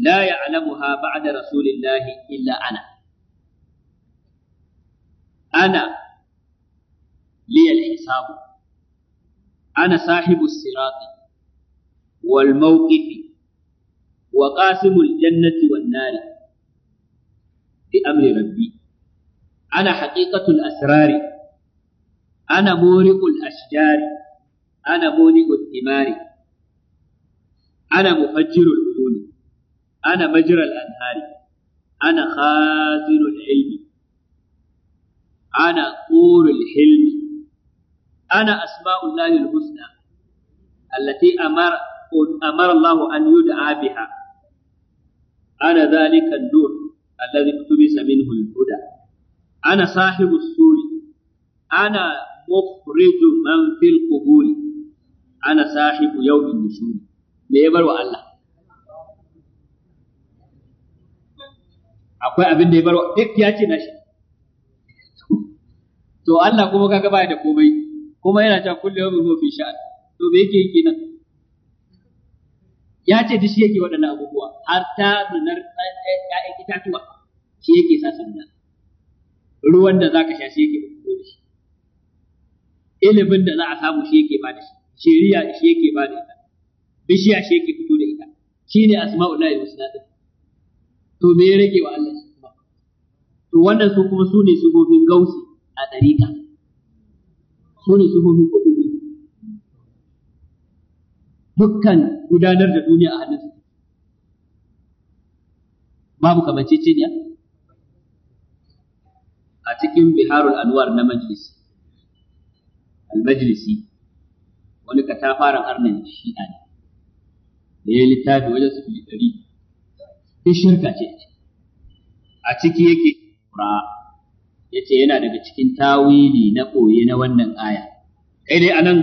S1: la ya'lamuha ba'da rasulillahi illa ana أنا لي الحساب أنا صاحب الصراط والموقف وقاسم الجنة والنار بأمر ربي أنا حقيقة الأسرار أنا مورق الأشجار أنا مونق الثمار أنا مفجر العيون أنا مجرى الأنهار أنا خازن العلم ana tsurul hilmi ana asma'ullahi al-husna allati amara amara Allah an yud'a biha ana dhalika an-nur alladhi kutubisa minhu al-huda ana sahibu as-suri ana mukhriju man fil quburi ana sahibu yawmin nushur me ya wa Allah akwai abin da ya barwa duk ya ce na shi to Allah kuma kaga baya da komai kuma yana ta kullu yawmin huwa fi sha'an to me yake yake nan ya ce dishi shi yake waɗannan abubuwa har ta nunar ta itatuwa shi yake sa sanda ruwan da zaka sha shi yake ba da shi ilimin da za a samu shi yake ba da shi shari'a shi yake ba da ita bishiya shi yake fito da ita shine lahi husna din to me ya rage wa Allah shi kuma to wannan su kuma su ne gobin gausi a ɗarika su ne sufofin ne dukkan gudanar da duniya a hannunsu babu kamanceceniya a cikin biharul anwar na majalisi al-majlisi wani katafaren arnan shi'a ne da ya littafi wajen su ɗari duk shirka ce a ciki yake ƙura yace yana daga cikin tawili na koye na wannan aya kai dai anan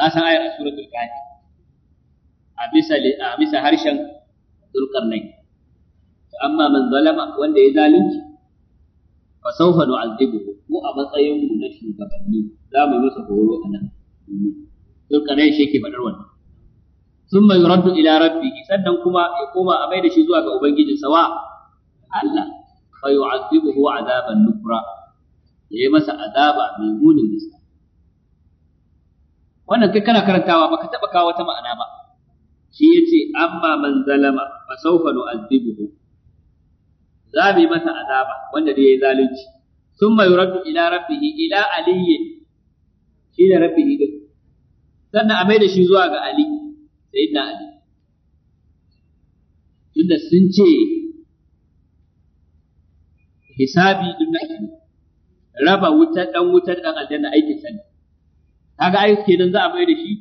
S1: ka san ayar a suratul kahfi a bisa a bisa harshen dulkarnai amma man zalama wanda ya zalunci fa sawfa nu'adhibuhu mu a matsayin mu na shugabanni za mu masa horo anan dulkarnai shi ke faɗar wannan thumma yuraddu ila rabbihi sannan kuma ya koma a mai da shi zuwa ga ubangijinsa wa Allah fa yu'adhibuhu 'adaban nukra yayi masa azaba mai munin gaske wannan kai kana karantawa baka taba kawo wata ma'ana ba shi yace amma man zalama fa sawfa nu'adhibuhu za mu yi masa azaba wanda da yayi zalunci thumma yuraddu ila rabbih ila aliyyi shi da rabbih din sannan a mai da shi zuwa ga ali sayyidina ali tunda sun ce hisabi din na shi raba wutar dan wutar dan aljanna aiki sa kaga ai kenan za a mai da shi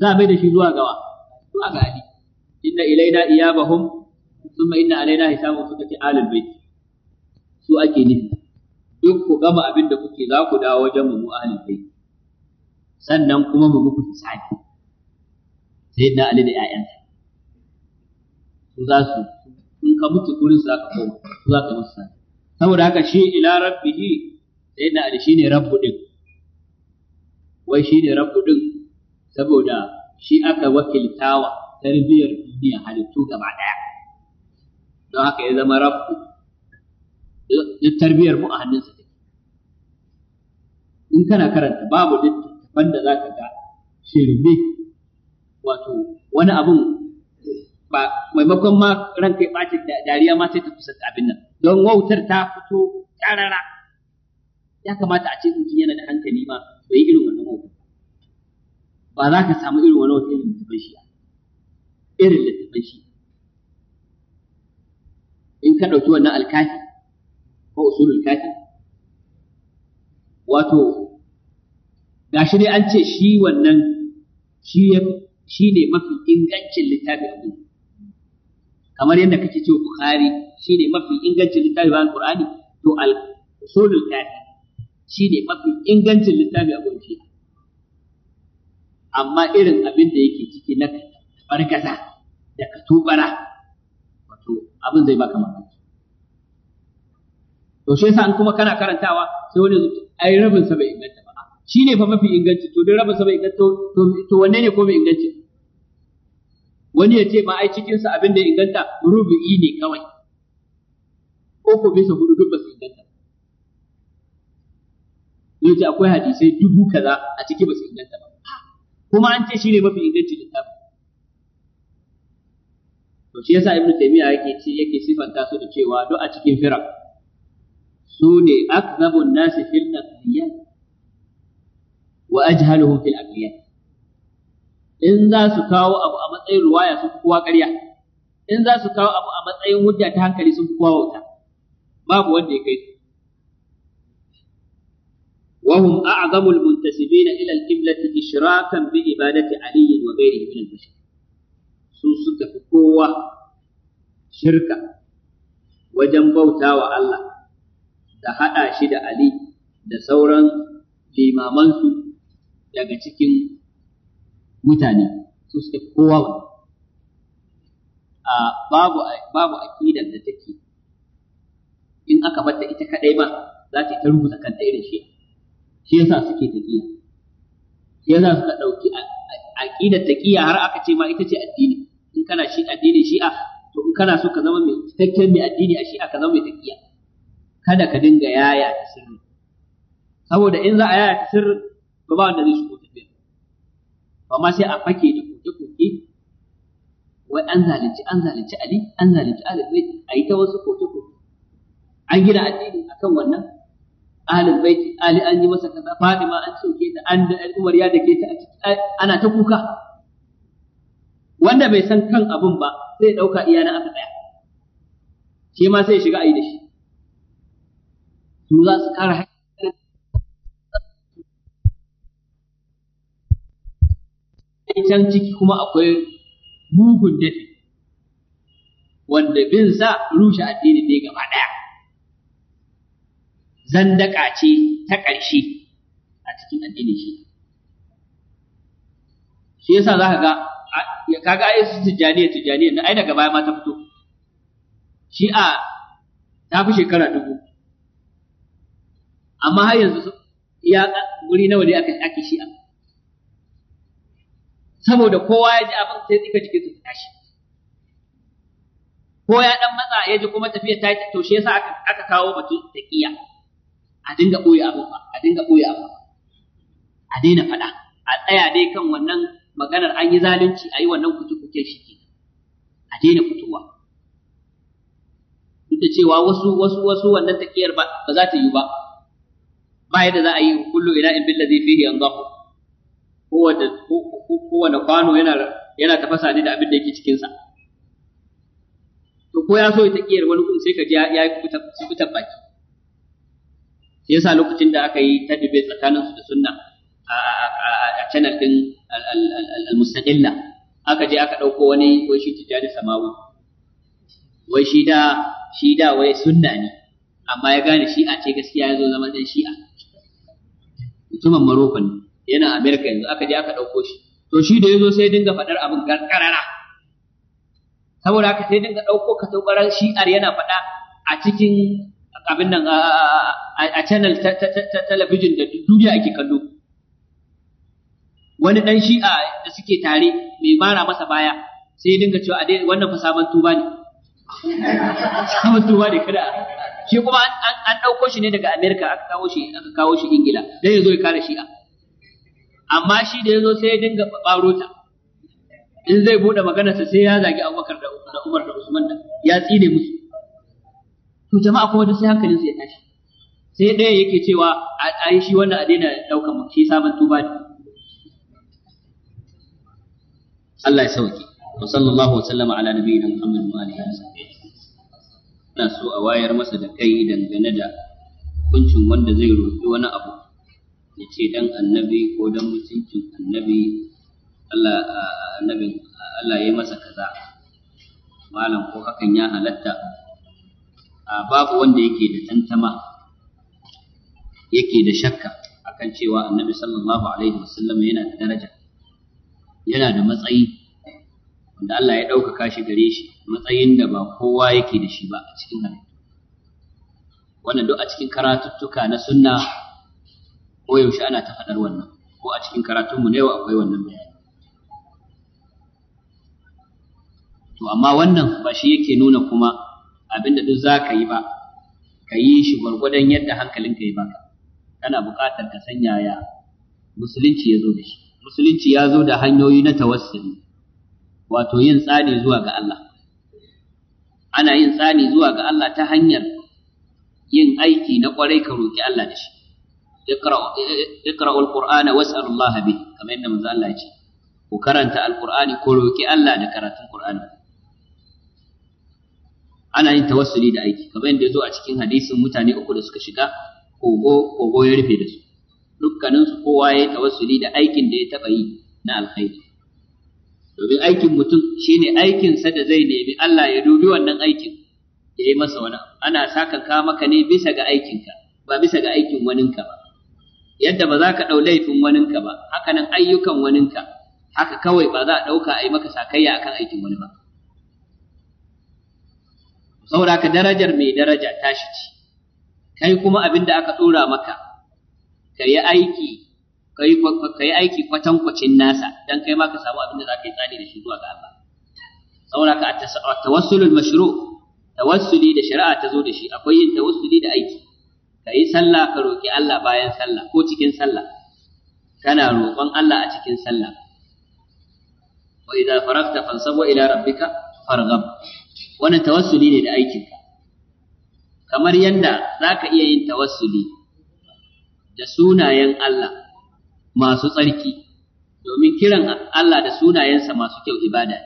S1: za a mai da shi zuwa gawa zuwa ga ali inna ilaina iyabahum thumma inna alaina hisabu suka ce alul bait su ake nufi duk ku gama abin da kuke za ku dawo wajen mu ahlul bait sannan kuma mu muku hisabi sai na ali da ƴaƴansa su za su ka mutu gurin sa ka koma za ka mutu saboda haka shi ila rabbihi sai na shi ne rabbu din wai shine rabbu din saboda shi aka wakiltawa tarbiyyar duniya halittu gaba daya don haka ya zama rabbu duk tarbiyyar mu a hannunsa take in kana karanta babu littattafan da za ka ga shirme wato wani abun ba maimakon ma ranka ya da dariya ma sai ta kusanta abin nan don wautar ta fito ƙarara ya kamata a ce mutum yana da hankali ma bai irin wannan wautar ba za ka samu irin wani wata irin littafin shi irin littafin shi in ka ɗauki wannan alkafi ko usul kafi wato gashi dai an ce shi wannan shi ne mafi ingancin littafi a duniya kamar yadda kake cewa bukhari shine mafi ingancin littafi bayan qur'ani to al usulul kafi shine mafi ingancin littafi a gurin amma irin abin da yake ciki na barkasa da katubara wato abin zai baka mamaki to shi yasa an kuma kana karantawa sai wani ai rabin sa bai inganta ba shine fa mafi inganci to dai rabin sa bai inganta to wanne ne ko bai inganci wani ya ce ma ai cikin sa abin da inganta rubu'i ne kawai uku bisa hudu duk ba su inganta zai ce akwai hadisai dubu kaza a ciki ba su inganta ba kuma an ce shi ne mafi inganci littafin to shi yasa ibnu taymiya yake ce yake sifanta su da cewa duk a cikin firaq su ne akzabun nasi fil naqliyat wa ajhaluhum fil aqliyat in za su kawo abu a matsayin ruwaya sun fi kowa ƙarya in za su kawo abu a matsayin hujja ta hankali sun fi kowa wauta babu wanda ya kai su wa hum a'zamu al-muntasibina ila al-qiblati ishrakan bi ibadati ali wa ghayrihi min al-mushrik su suka fi kowa shirka wajen bauta wa Allah da haɗa shi da Ali da sauran limamansu daga cikin mutane su suke kowa ba a babu babu aqidar da take in aka bata ita kadai ba za ta ta rubuta kanta irin shi shi yasa suke takiya shi yasa suka dauki aqidar takiya har aka ce ma ita ce addini in kana shi addini shi'a to in kana so ka zama mai cikakken mai addini a shi'a ka zama mai takiya kada ka dinga yaya ta sirri saboda in za a yaya ta sirri ba wanda zai shigo ma sai a fake da koke-koke wai an zalunci an zalunci ali an zalunci alibai a yi ta wasu koke-koke an gina addini akan wannan alin bai ali an yi masa kaza fadima an soke ta an da umar ya dake ta ana ta kuka wanda bai san kan abun ba zai dauka iya na aka ɗaya. shi ma sai shiga ayi da shi su za su kara can ciki kuma akwai mugun dafi wanda bin sa rushe addini ne gaba ɗaya zandaka ce ta ƙarshe a cikin addini shi shi yasa za ka ga ya kaga ayi su tijjaniya tijjaniya na ai daga baya ma ta fito shi a ta fi shekara dubu amma har yanzu ya guri nawa ne ake shi a saboda kowa ya ji abin sai tsika jikin su tashi ko ya dan matsa ya ji kuma tafiya ta to shi yasa aka aka kawo batu taqiya a dinga boye abu a dinga boye abu a daina faɗa a tsaya dai kan wannan maganar an yi zalunci a yi wannan kuke-kuke shi ke a daina fitowa duk da cewa wasu wasu wasu wannan takiyar ba za ta yi ba ba yadda za a yi kullu ila in billazi fihi yanzahu kowane kwano yana tafasa ne da abin da yake cikinsa to ko ya so ya taƙiyar wani kun sai ka ji ya yi kubutar baki shi yasa lokacin da aka yi ta dube tsakaninsu da sunna a channel din al-mustaqilla aka je aka ɗauko wani wai shi tijjani samawi wai shi da shi da wai sunna ne amma ya gane shi'a ce gaskiya ya zo zama ɗan shi'a mutumin marokon ne yana Amerika yanzu aka je aka ɗauko shi to shi da yazo sai dinga faɗar abin garkarara saboda haka sai dinga ɗauko shi shi'ar yana faɗa a cikin abin nan a channel ta talabijin da duniya ake kallo wani ɗan shi'a da suke tare mai mara masa baya sai dinga cewa dai wannan fa sabon tuba ne sabon tuba ne kada shi kuma an ɗauko shi ne daga amerika aka kawo shi aka kawo shi ingila dan ya zo ya kare shi'a amma shi da yazo sai ya dinga baro ta in zai bude maganarsa sai ya zagi Abubakar da Umar da Usman da ya tsine musu to jama'a kuma da sai hankalinsu ya tashi sai ɗaya yake cewa a yi shi wannan a daina ɗaukar mu shi samun tuba ne Allah ya sauke wa sallallahu wa sallama ala nabiyina Muhammad wa alihi ina so a wayar masa da kai dangane da hukuncin wanda zai roƙi wani abu ya ce dan annabi ko dan mutuncin annabi Allah Allah ya masa kaza malam ko hakan ya halatta babu wanda yake da tantama yake da shakka akan cewa annabi sallallahu alaihi wasallam yana da daraja yana da matsayi wanda Allah ya ɗaukaka shi gare shi matsayin da ba kowa yake da shi ba a cikin halittu wannan duk a cikin karatuttuka na sunna ko yaushe ana ta faɗar wannan ko a cikin karatunmu na yau akwai wannan bayani to amma wannan ba shi yake nuna kuma abinda duk za ka yi ba ka yi shi gwargwadon yadda hankalinka ya baka kana buƙatar ka san yaya musulunci ya zo da shi musulunci ya zo da hanyoyi na tawassuli wato yin tsani zuwa ga Allah ana yin tsani zuwa ga Allah ta hanyar yin aiki na kwarai ka roƙi Allah da shi iqra'ul qur'ana was'alullaha bihi kamar yadda manzo Allah ya ce ku karanta alqur'ani ko roki Allah da karatun qur'ani ana yin tawassuli da aiki kamar yadda zo a cikin hadisin mutane uku da suka shiga kogo kogo ya rufe da su dukkanin su kowa ya yi tawassuli da aikin da ya taba yi na alkhairi domin aikin mutum shine aikinsa da zai nemi Allah ya dubi wannan aikin ya yi masa wani ana saka ka maka ne bisa ga aikinka ba bisa ga aikin waninka ba yadda ba za ka ɗau laifin waninka ba haka nan ayyukan waninka haka kawai ba za a ɗauka a yi maka sakayya akan aikin wani ba saboda ka darajar mai daraja tashi ce kai kuma abin da aka ɗora maka ka yi aiki ka yi aiki kwatankwacin nasa dan kai ma ka samu abin da za ka yi tsari da shi zuwa ga Allah saboda ka tawassulul mashru tawassuli da shari'a ta zo da shi akwai yin tawassuli da aiki ka yi sallah ka roƙi Allah bayan sallah ko cikin sallah kana roƙon Allah a cikin sallah wa idza faragta fansabu ila rabbika farghab wannan tawassuli ne da aikinka kamar yanda zaka iya yin tawassuli da sunayen Allah masu tsarki domin kiran Allah da sunayensa masu kyau ibada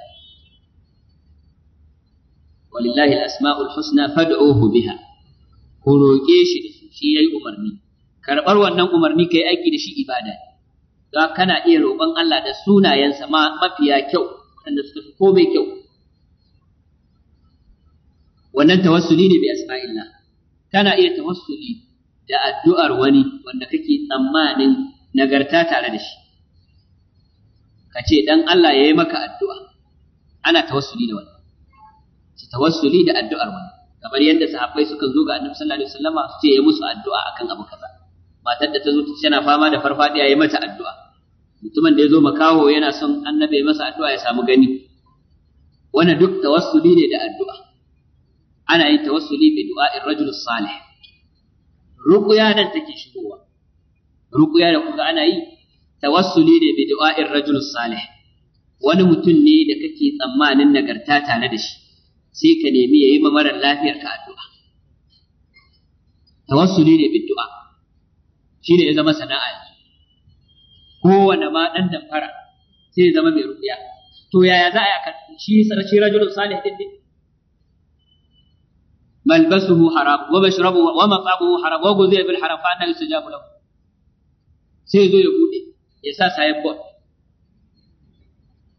S1: walillahi al-asma'ul husna fad'uhu biha ku roƙe shi da su shi yi umarni karɓar wannan umarni ka yi aiki da shi ibada don kana iya roƙon Allah da sunayensa mafiya kyau waɗanda suka fi komai kyau wannan tawassuli ne bi asma'illah kana iya tawassuli da addu'ar wani wanda kake tsammanin nagarta tare da shi ka ce dan Allah ya yi maka addu'a ana tawassuli da wannan tawassuli da addu'ar wani kamar yadda sahabbai sukan zo ga annabi sallallahu alaihi wasallama su ce ya musu addu'a akan abu kaza matar da ta zo ta tana fama da farfadiya ya mata addu'a mutumin da ya zo makaho yana son annabi ya masa addu'a ya samu gani wannan duk tawassuli ne da addu'a ana yin tawassuli bi du'a'ir rajul salih ruqya nan take shigowa ruqya da kuka ana yi tawassuli ne bi du'a'ir rajul salih wani mutum ne da kake tsammanin nagarta tare da shi sai ka nemi ya yi ma marar lafiyar ka addu'a tawassuli ne biddu'a shi ne ya zama sana'a yanzu kowane ma ɗan damfara sai ya zama mai rubiya to yaya za a yi akan shi sarki rajulun salih din ne malbasuhu haram wa mashrabuhu wa mafabuhu haram wa guziya bil haram fa anna yustajabu lahu sai zo ya buɗe, ya sa sayan bot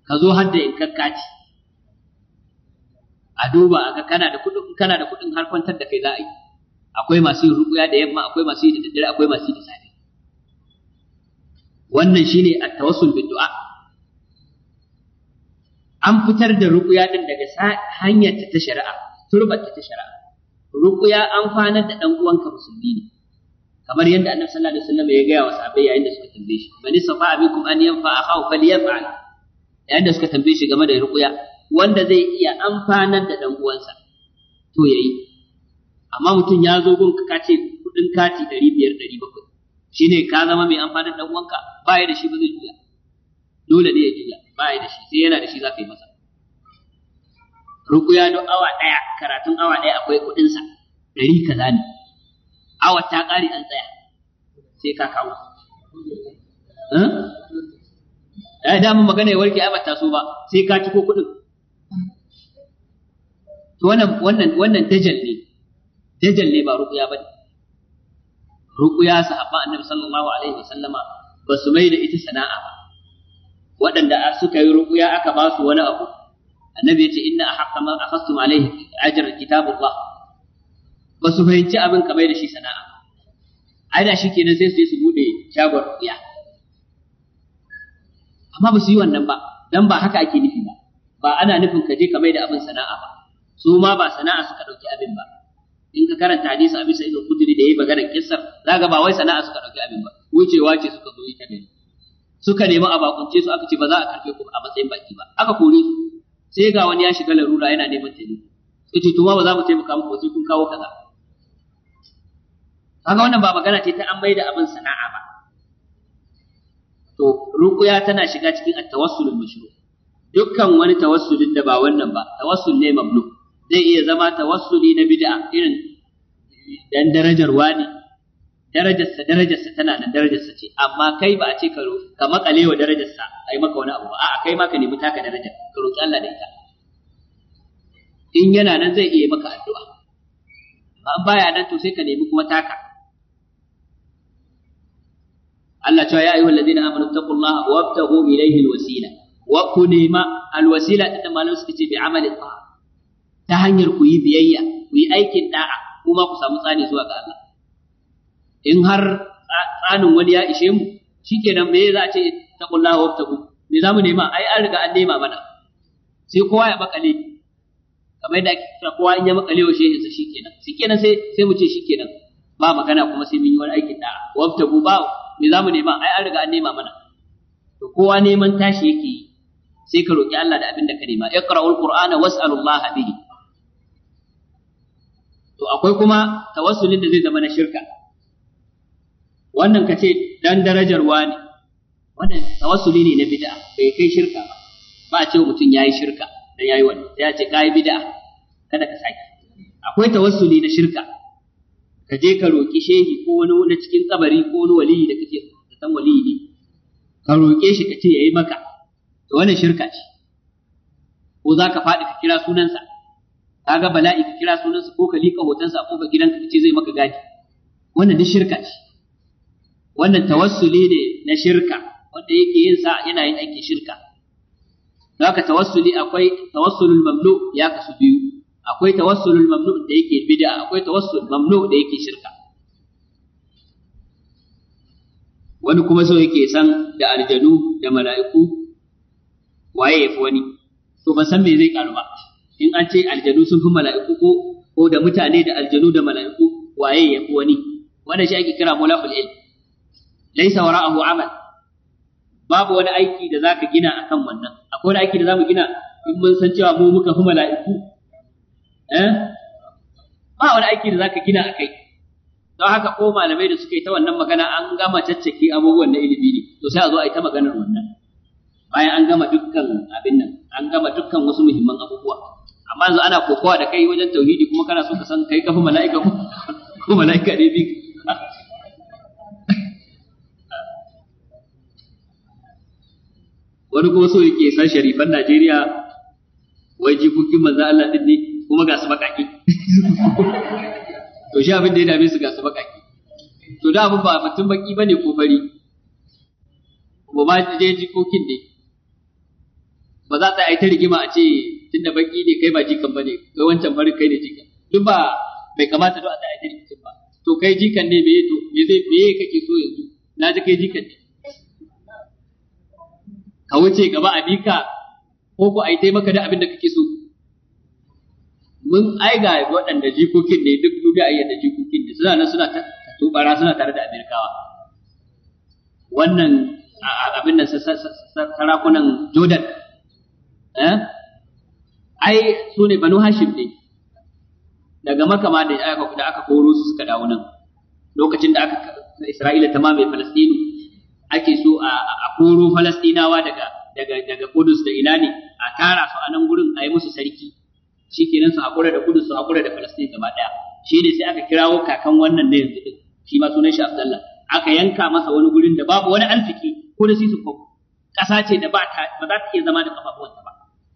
S1: ka zo har da in kakkaci a duba a ga kana da kuɗin kana da kuɗin har kwantar da kai za a yi akwai masu yin ruƙuya da yamma akwai masu yi da daddare akwai masu yi da safe wannan shine at-tawassul bi du'a an fitar da ruƙuya din daga hanyar ta shari'a turbar ta shari'a ruƙuya an fanar da ɗan uwanka musulmi ne kamar yadda annabi sallallahu alaihi wasallam ya gaya wa sahabbai yayin da suka tambaye shi bani safa abikum an yanfa akhahu falyaf'al yayin da suka tambaye shi game da ruƙuya wanda zai iya amfanar da ɗan uwansa to yayi amma mutum ya zo gun ka ce kuɗin kati ɗari biyar ɗari bakwai shi ne ka zama mai amfanar ɗan uwanka ba ya da shi ba zai juya dole ne ya juya ba ya da shi sai yana da shi za ka yi masa rukuya don awa ɗaya karatun awa ɗaya akwai kuɗinsa ɗari kaza ne awa ta ƙare an tsaya sai ka kawo eh da mun magana ya warke ai ba ta so ba sai ka ci ko kuɗin wannan wannan wannan tajalli tajalli ba ruqya bane ruqya sahabba annabi sallallahu alaihi wasallama ba su mai da ita sana'a ba waɗanda suka yi ruqya aka ba su wani abu annabi ya ce inna ahaqqa ma akhastum alaihi ajr kitabullah ba su fahimci abin ka mai da shi sana'a ai da shikenan sai su yi su bude shagon ruqya amma ba su yi wannan ba dan ba haka ake nufi ba ba ana nufin ka je ka mai da abin sana'a ba su ma ba sana'a suka ɗauki abin ba in ka karanta hadisi a bisa idan kudiri da yayi maganar kissar zaka ba wai sana'a suka ɗauki abin ba wucewa ce suka zo yi ta gari suka nemi a bakunce su aka ce ba za a karfe ku a matsayin baki ba aka kore su sai ga wani ya shiga larura yana neman taimako suka ce to ba za mu taimaka muku sai kun kawo kaza kaga wannan ba magana ce ta an bai da abin sana'a ba to ruqya tana shiga cikin at-tawassul mashru dukkan wani tawassulin da ba wannan ba tawassul ne mabluk zai iya zama tawassuli na bid'a irin dan darajar wani darajarsa darajarsa tana nan darajarsa ce amma kai ba a ce ka ka makale wa darajarsa ai maka wani abu a'a kai ma ka nemi taka darajar ka roki Allah da ita in yana nan zai iya maka addu'a amma baya nan to sai ka nemi kuma taka Allah cewa ya ayyuha allazina amanu taqullaha wabtaghu ilayhi alwasila wa kunima alwasila da malamin suka ce bi amali ta ta hanyar ku yi biyayya ku yi aikin da'a kuma ku samu tsani zuwa ga Allah in har tsanin wani ya ishe mu shikenan me za a ce taqullaha wabtagu me za mu nema ai an riga an nema mana sai kowa ya makale kamar da ake kira kowa in ya makale wa shehinsa shikenan shikenan sai sai mu ce shikenan ba magana kuma sai mun yi wani aikin da'a ku ba me za mu nema ai an riga an nema mana to kowa neman tashi yake yi sai ka roki Allah da abin da ka nema iqra'ul qur'ana was'alullaha bihi to akwai kuma tawassulin da zai zama na shirka wannan kace dan darajar wani wannan tawassuli ne na bid'a bai kai shirka ba ba a ce mutum yayi shirka dan yayi wani sai a ce kai bid'a kada ka saki akwai tawassuli na shirka ka je ka roki shehi ko wani na cikin kabari ko wani waliyi da kake da san waliyi ne ka roke shi ka ce yayi maka to wannan shirka ce ko za ka faɗi ka kira sunansa kaga bala'i ka kira sunansa ko ka liƙa hotonsa a kofar gidanka ka ce zai maka gadi wannan duk shirka ce wannan tawassuli ne na shirka wanda yake yin sa yana yin aikin shirka haka tawassuli akwai tawassulul mamlu ya kasu biyu akwai tawassulul mamnu da yake bid'a akwai tawassul mamnu da yake shirka wani kuma so yake san da aljanu da mala'iku waye fi wani to ban san me zai karu ba in an ce aljanu sun fi mala'iku ko ko da mutane da aljanu da mala'iku waye ya fi wani wannan shi ake kira mulahul ilm laysa wara'ahu amal babu wani aiki da zaka gina akan wannan akwai wani aiki da zamu gina in mun san cewa mu muka fi mala'iku eh ba wani aiki da zaka gina akai don haka ko malamai da suke ta wannan magana an gama caccaki abubuwan na ilimi ne to sai a zo a yi ta maganar wannan bayan an gama dukkan abin nan an gama dukkan wasu muhimman abubuwa amma yanzu ana kokowa da kai wajen tauhidi kuma kana so ka san kai kafa mala'ika ko mala'ika ne bi wani kuma so yake san sharifan Najeriya wai jikokin manzo Allah din ne kuma ga su bakaki to shi abin da ya dame su ga su bakaki to da abin ba mutum baki bane ko fari ba ma je jikokin ne ba za ta yi ta rigima a ce tunda baki ne kai ba jikan ba ne, kai wancan farin kai ne jikan duk ba bai kamata da a da ajiri ba to kai jikan ne me to me zai me kake so yanzu na ji kai jikan ne ka wuce gaba a bika ko ko ai taimaka da abin da kake so mun ai ga waɗanda jikokin ne duk duniya ai da jikokin ne suna nan suna tubara suna tare da amerikawa wannan abin nan sarakunan jordan eh ai su ne banu hashim ne daga makama da aka koro su suka dawo nan lokacin da aka Isra'ila ta mamaye Falastinu ake so a koro Falastinawa daga daga daga Kudus da ina ne a tara su a nan gurin a yi musu sarki shikenan su hakura da Kudus su hakura da Falastin gaba daya shi ne sai aka kirawo kakan wannan da yanzu din shi ma sunan shi Abdullah aka yanka masa wani gurin da babu wani arziki ko da sisu ko ƙasa ce da ba ta ba za ta iya zama da ta ba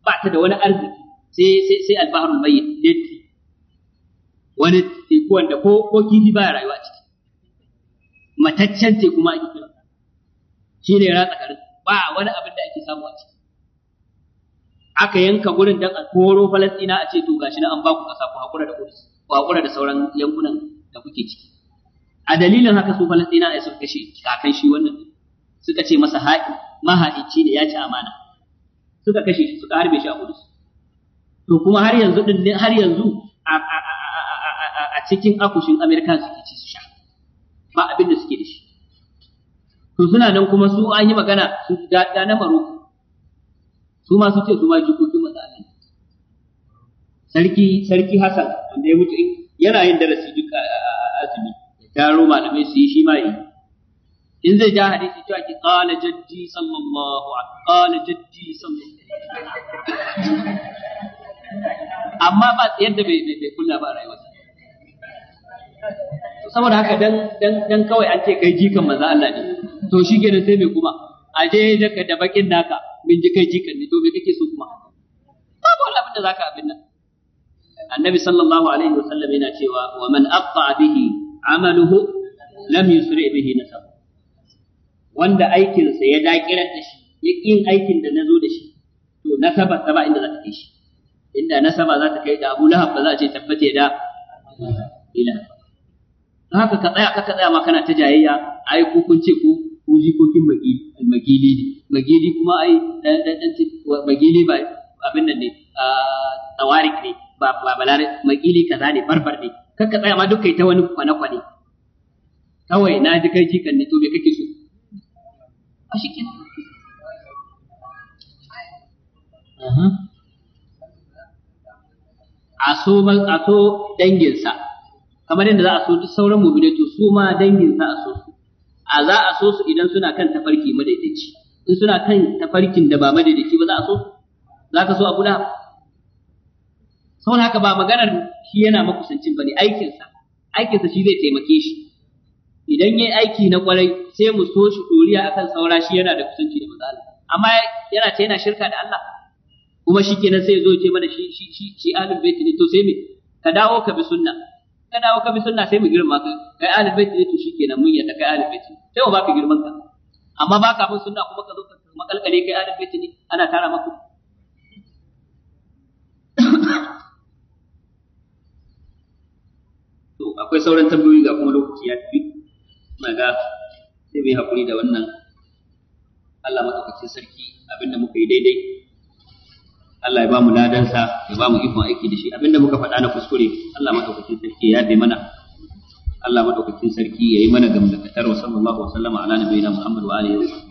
S1: ba ta da wani arziki sai sai sai albaharul bayyin detti wani teku wanda ko ko kifi baya rayuwa ciki mataccen teku ma ake kira shi ne ratsa garin ba wani abin da ake samu a ciki aka yanka gurin dan a falastina a ce to gashi na an ba ku kasa ku hakura da kudus ku hakura da sauran yankunan da kuke ciki a dalilin haka su falastina ai suka kashe kakan shi wannan suka ce masa haƙi mahaici ne ya ci amana suka kashe shi suka harbe shi a kudus to kuma har yanzu din ne har yanzu a cikin akushin Amerika suke ci su sha ba abin da suke da shi to suna nan kuma su an yi magana su da na Maroko su ma su ce su ma jikokin manzo sarki sarki Hassan wanda ya mutu yana yin darasi duka azumi ya taro malamai su yi shi ma yi in zai ja hadisi cewa ki qala jaddi sallallahu alaihi qala jaddi sallallahu alaihi amma ba yadda bai bai kunna ba rayuwarsa saboda haka dan dan dan kawai an ce kai jikan manzo Allah ne to shi kenan sai me kuma a je da ka da bakin naka min ji kai jikan ne to me kake so kuma babu wani abinda da zaka abin nan annabi sallallahu alaihi wa sallam yana cewa wa man aqta bihi amaluhu lam yusri bihi nasab wanda aikinsa ya dakirar da shi ya yin aikin da nazo da shi to nasabar ta ba inda za ta kai shi inda sama za ta kai da Abu Lahab ba za a ce tabbate da ila haka ka tsaya ka tsaya ma kana ta jayayya ai ku kun ce ku ku jikokin magili ne magili kuma ai dan dan dan magili ba abin nan ne tawarik ne ba ba balare magili kaza ne barbar ne kar ka tsaya ma duk kai ta wani kwane kwane kawai na ji kai jikan ne to me kake so a shi kenan a so a so danginsa kamar yadda za a so duk sauran mu'minai to su ma danginsa a so su a za a so su idan suna kan tafarki madaidaici in suna kan tafarkin da ba madaidaici ba za a so su za ka so abu da saboda haka ba maganar shi yana makusancin bane aikinsa aikinsa shi zai taimake shi idan yayi aiki na kwarai sai mu so shi doriya akan saura shi yana da kusanci da manzo Allah amma yana ta yana shirka da Allah kuma shi kenan sai zo ce mana shi shi shi shi ahlul baiti ne to sai me ka dawo ka bi sunna ka dawo ka bi sunna sai mu girma ka kai ahlul baiti ne to shi kenan mun yadda kai ahlul baiti sai mu baka girman ka amma ba ka bin sunna kuma ka zo ka makalkale kai ahlul baiti ne ana tara maka to akwai sauran tambayoyi ga kuma lokaci ya tafi maga sai mai hakuri da wannan Allah madaukakin sarki abinda muka yi daidai Allah ya ba mu ladansa ya ba mu ikon aiki da shi abinda muka faɗa na kuskure Allah madaukakin sarki ya yabe mana Allah madaukakin sarki ya yi mana gamdakatar wa sallallahu alaihi wa sallam, ala nabiyina Muhammad wa alihi wa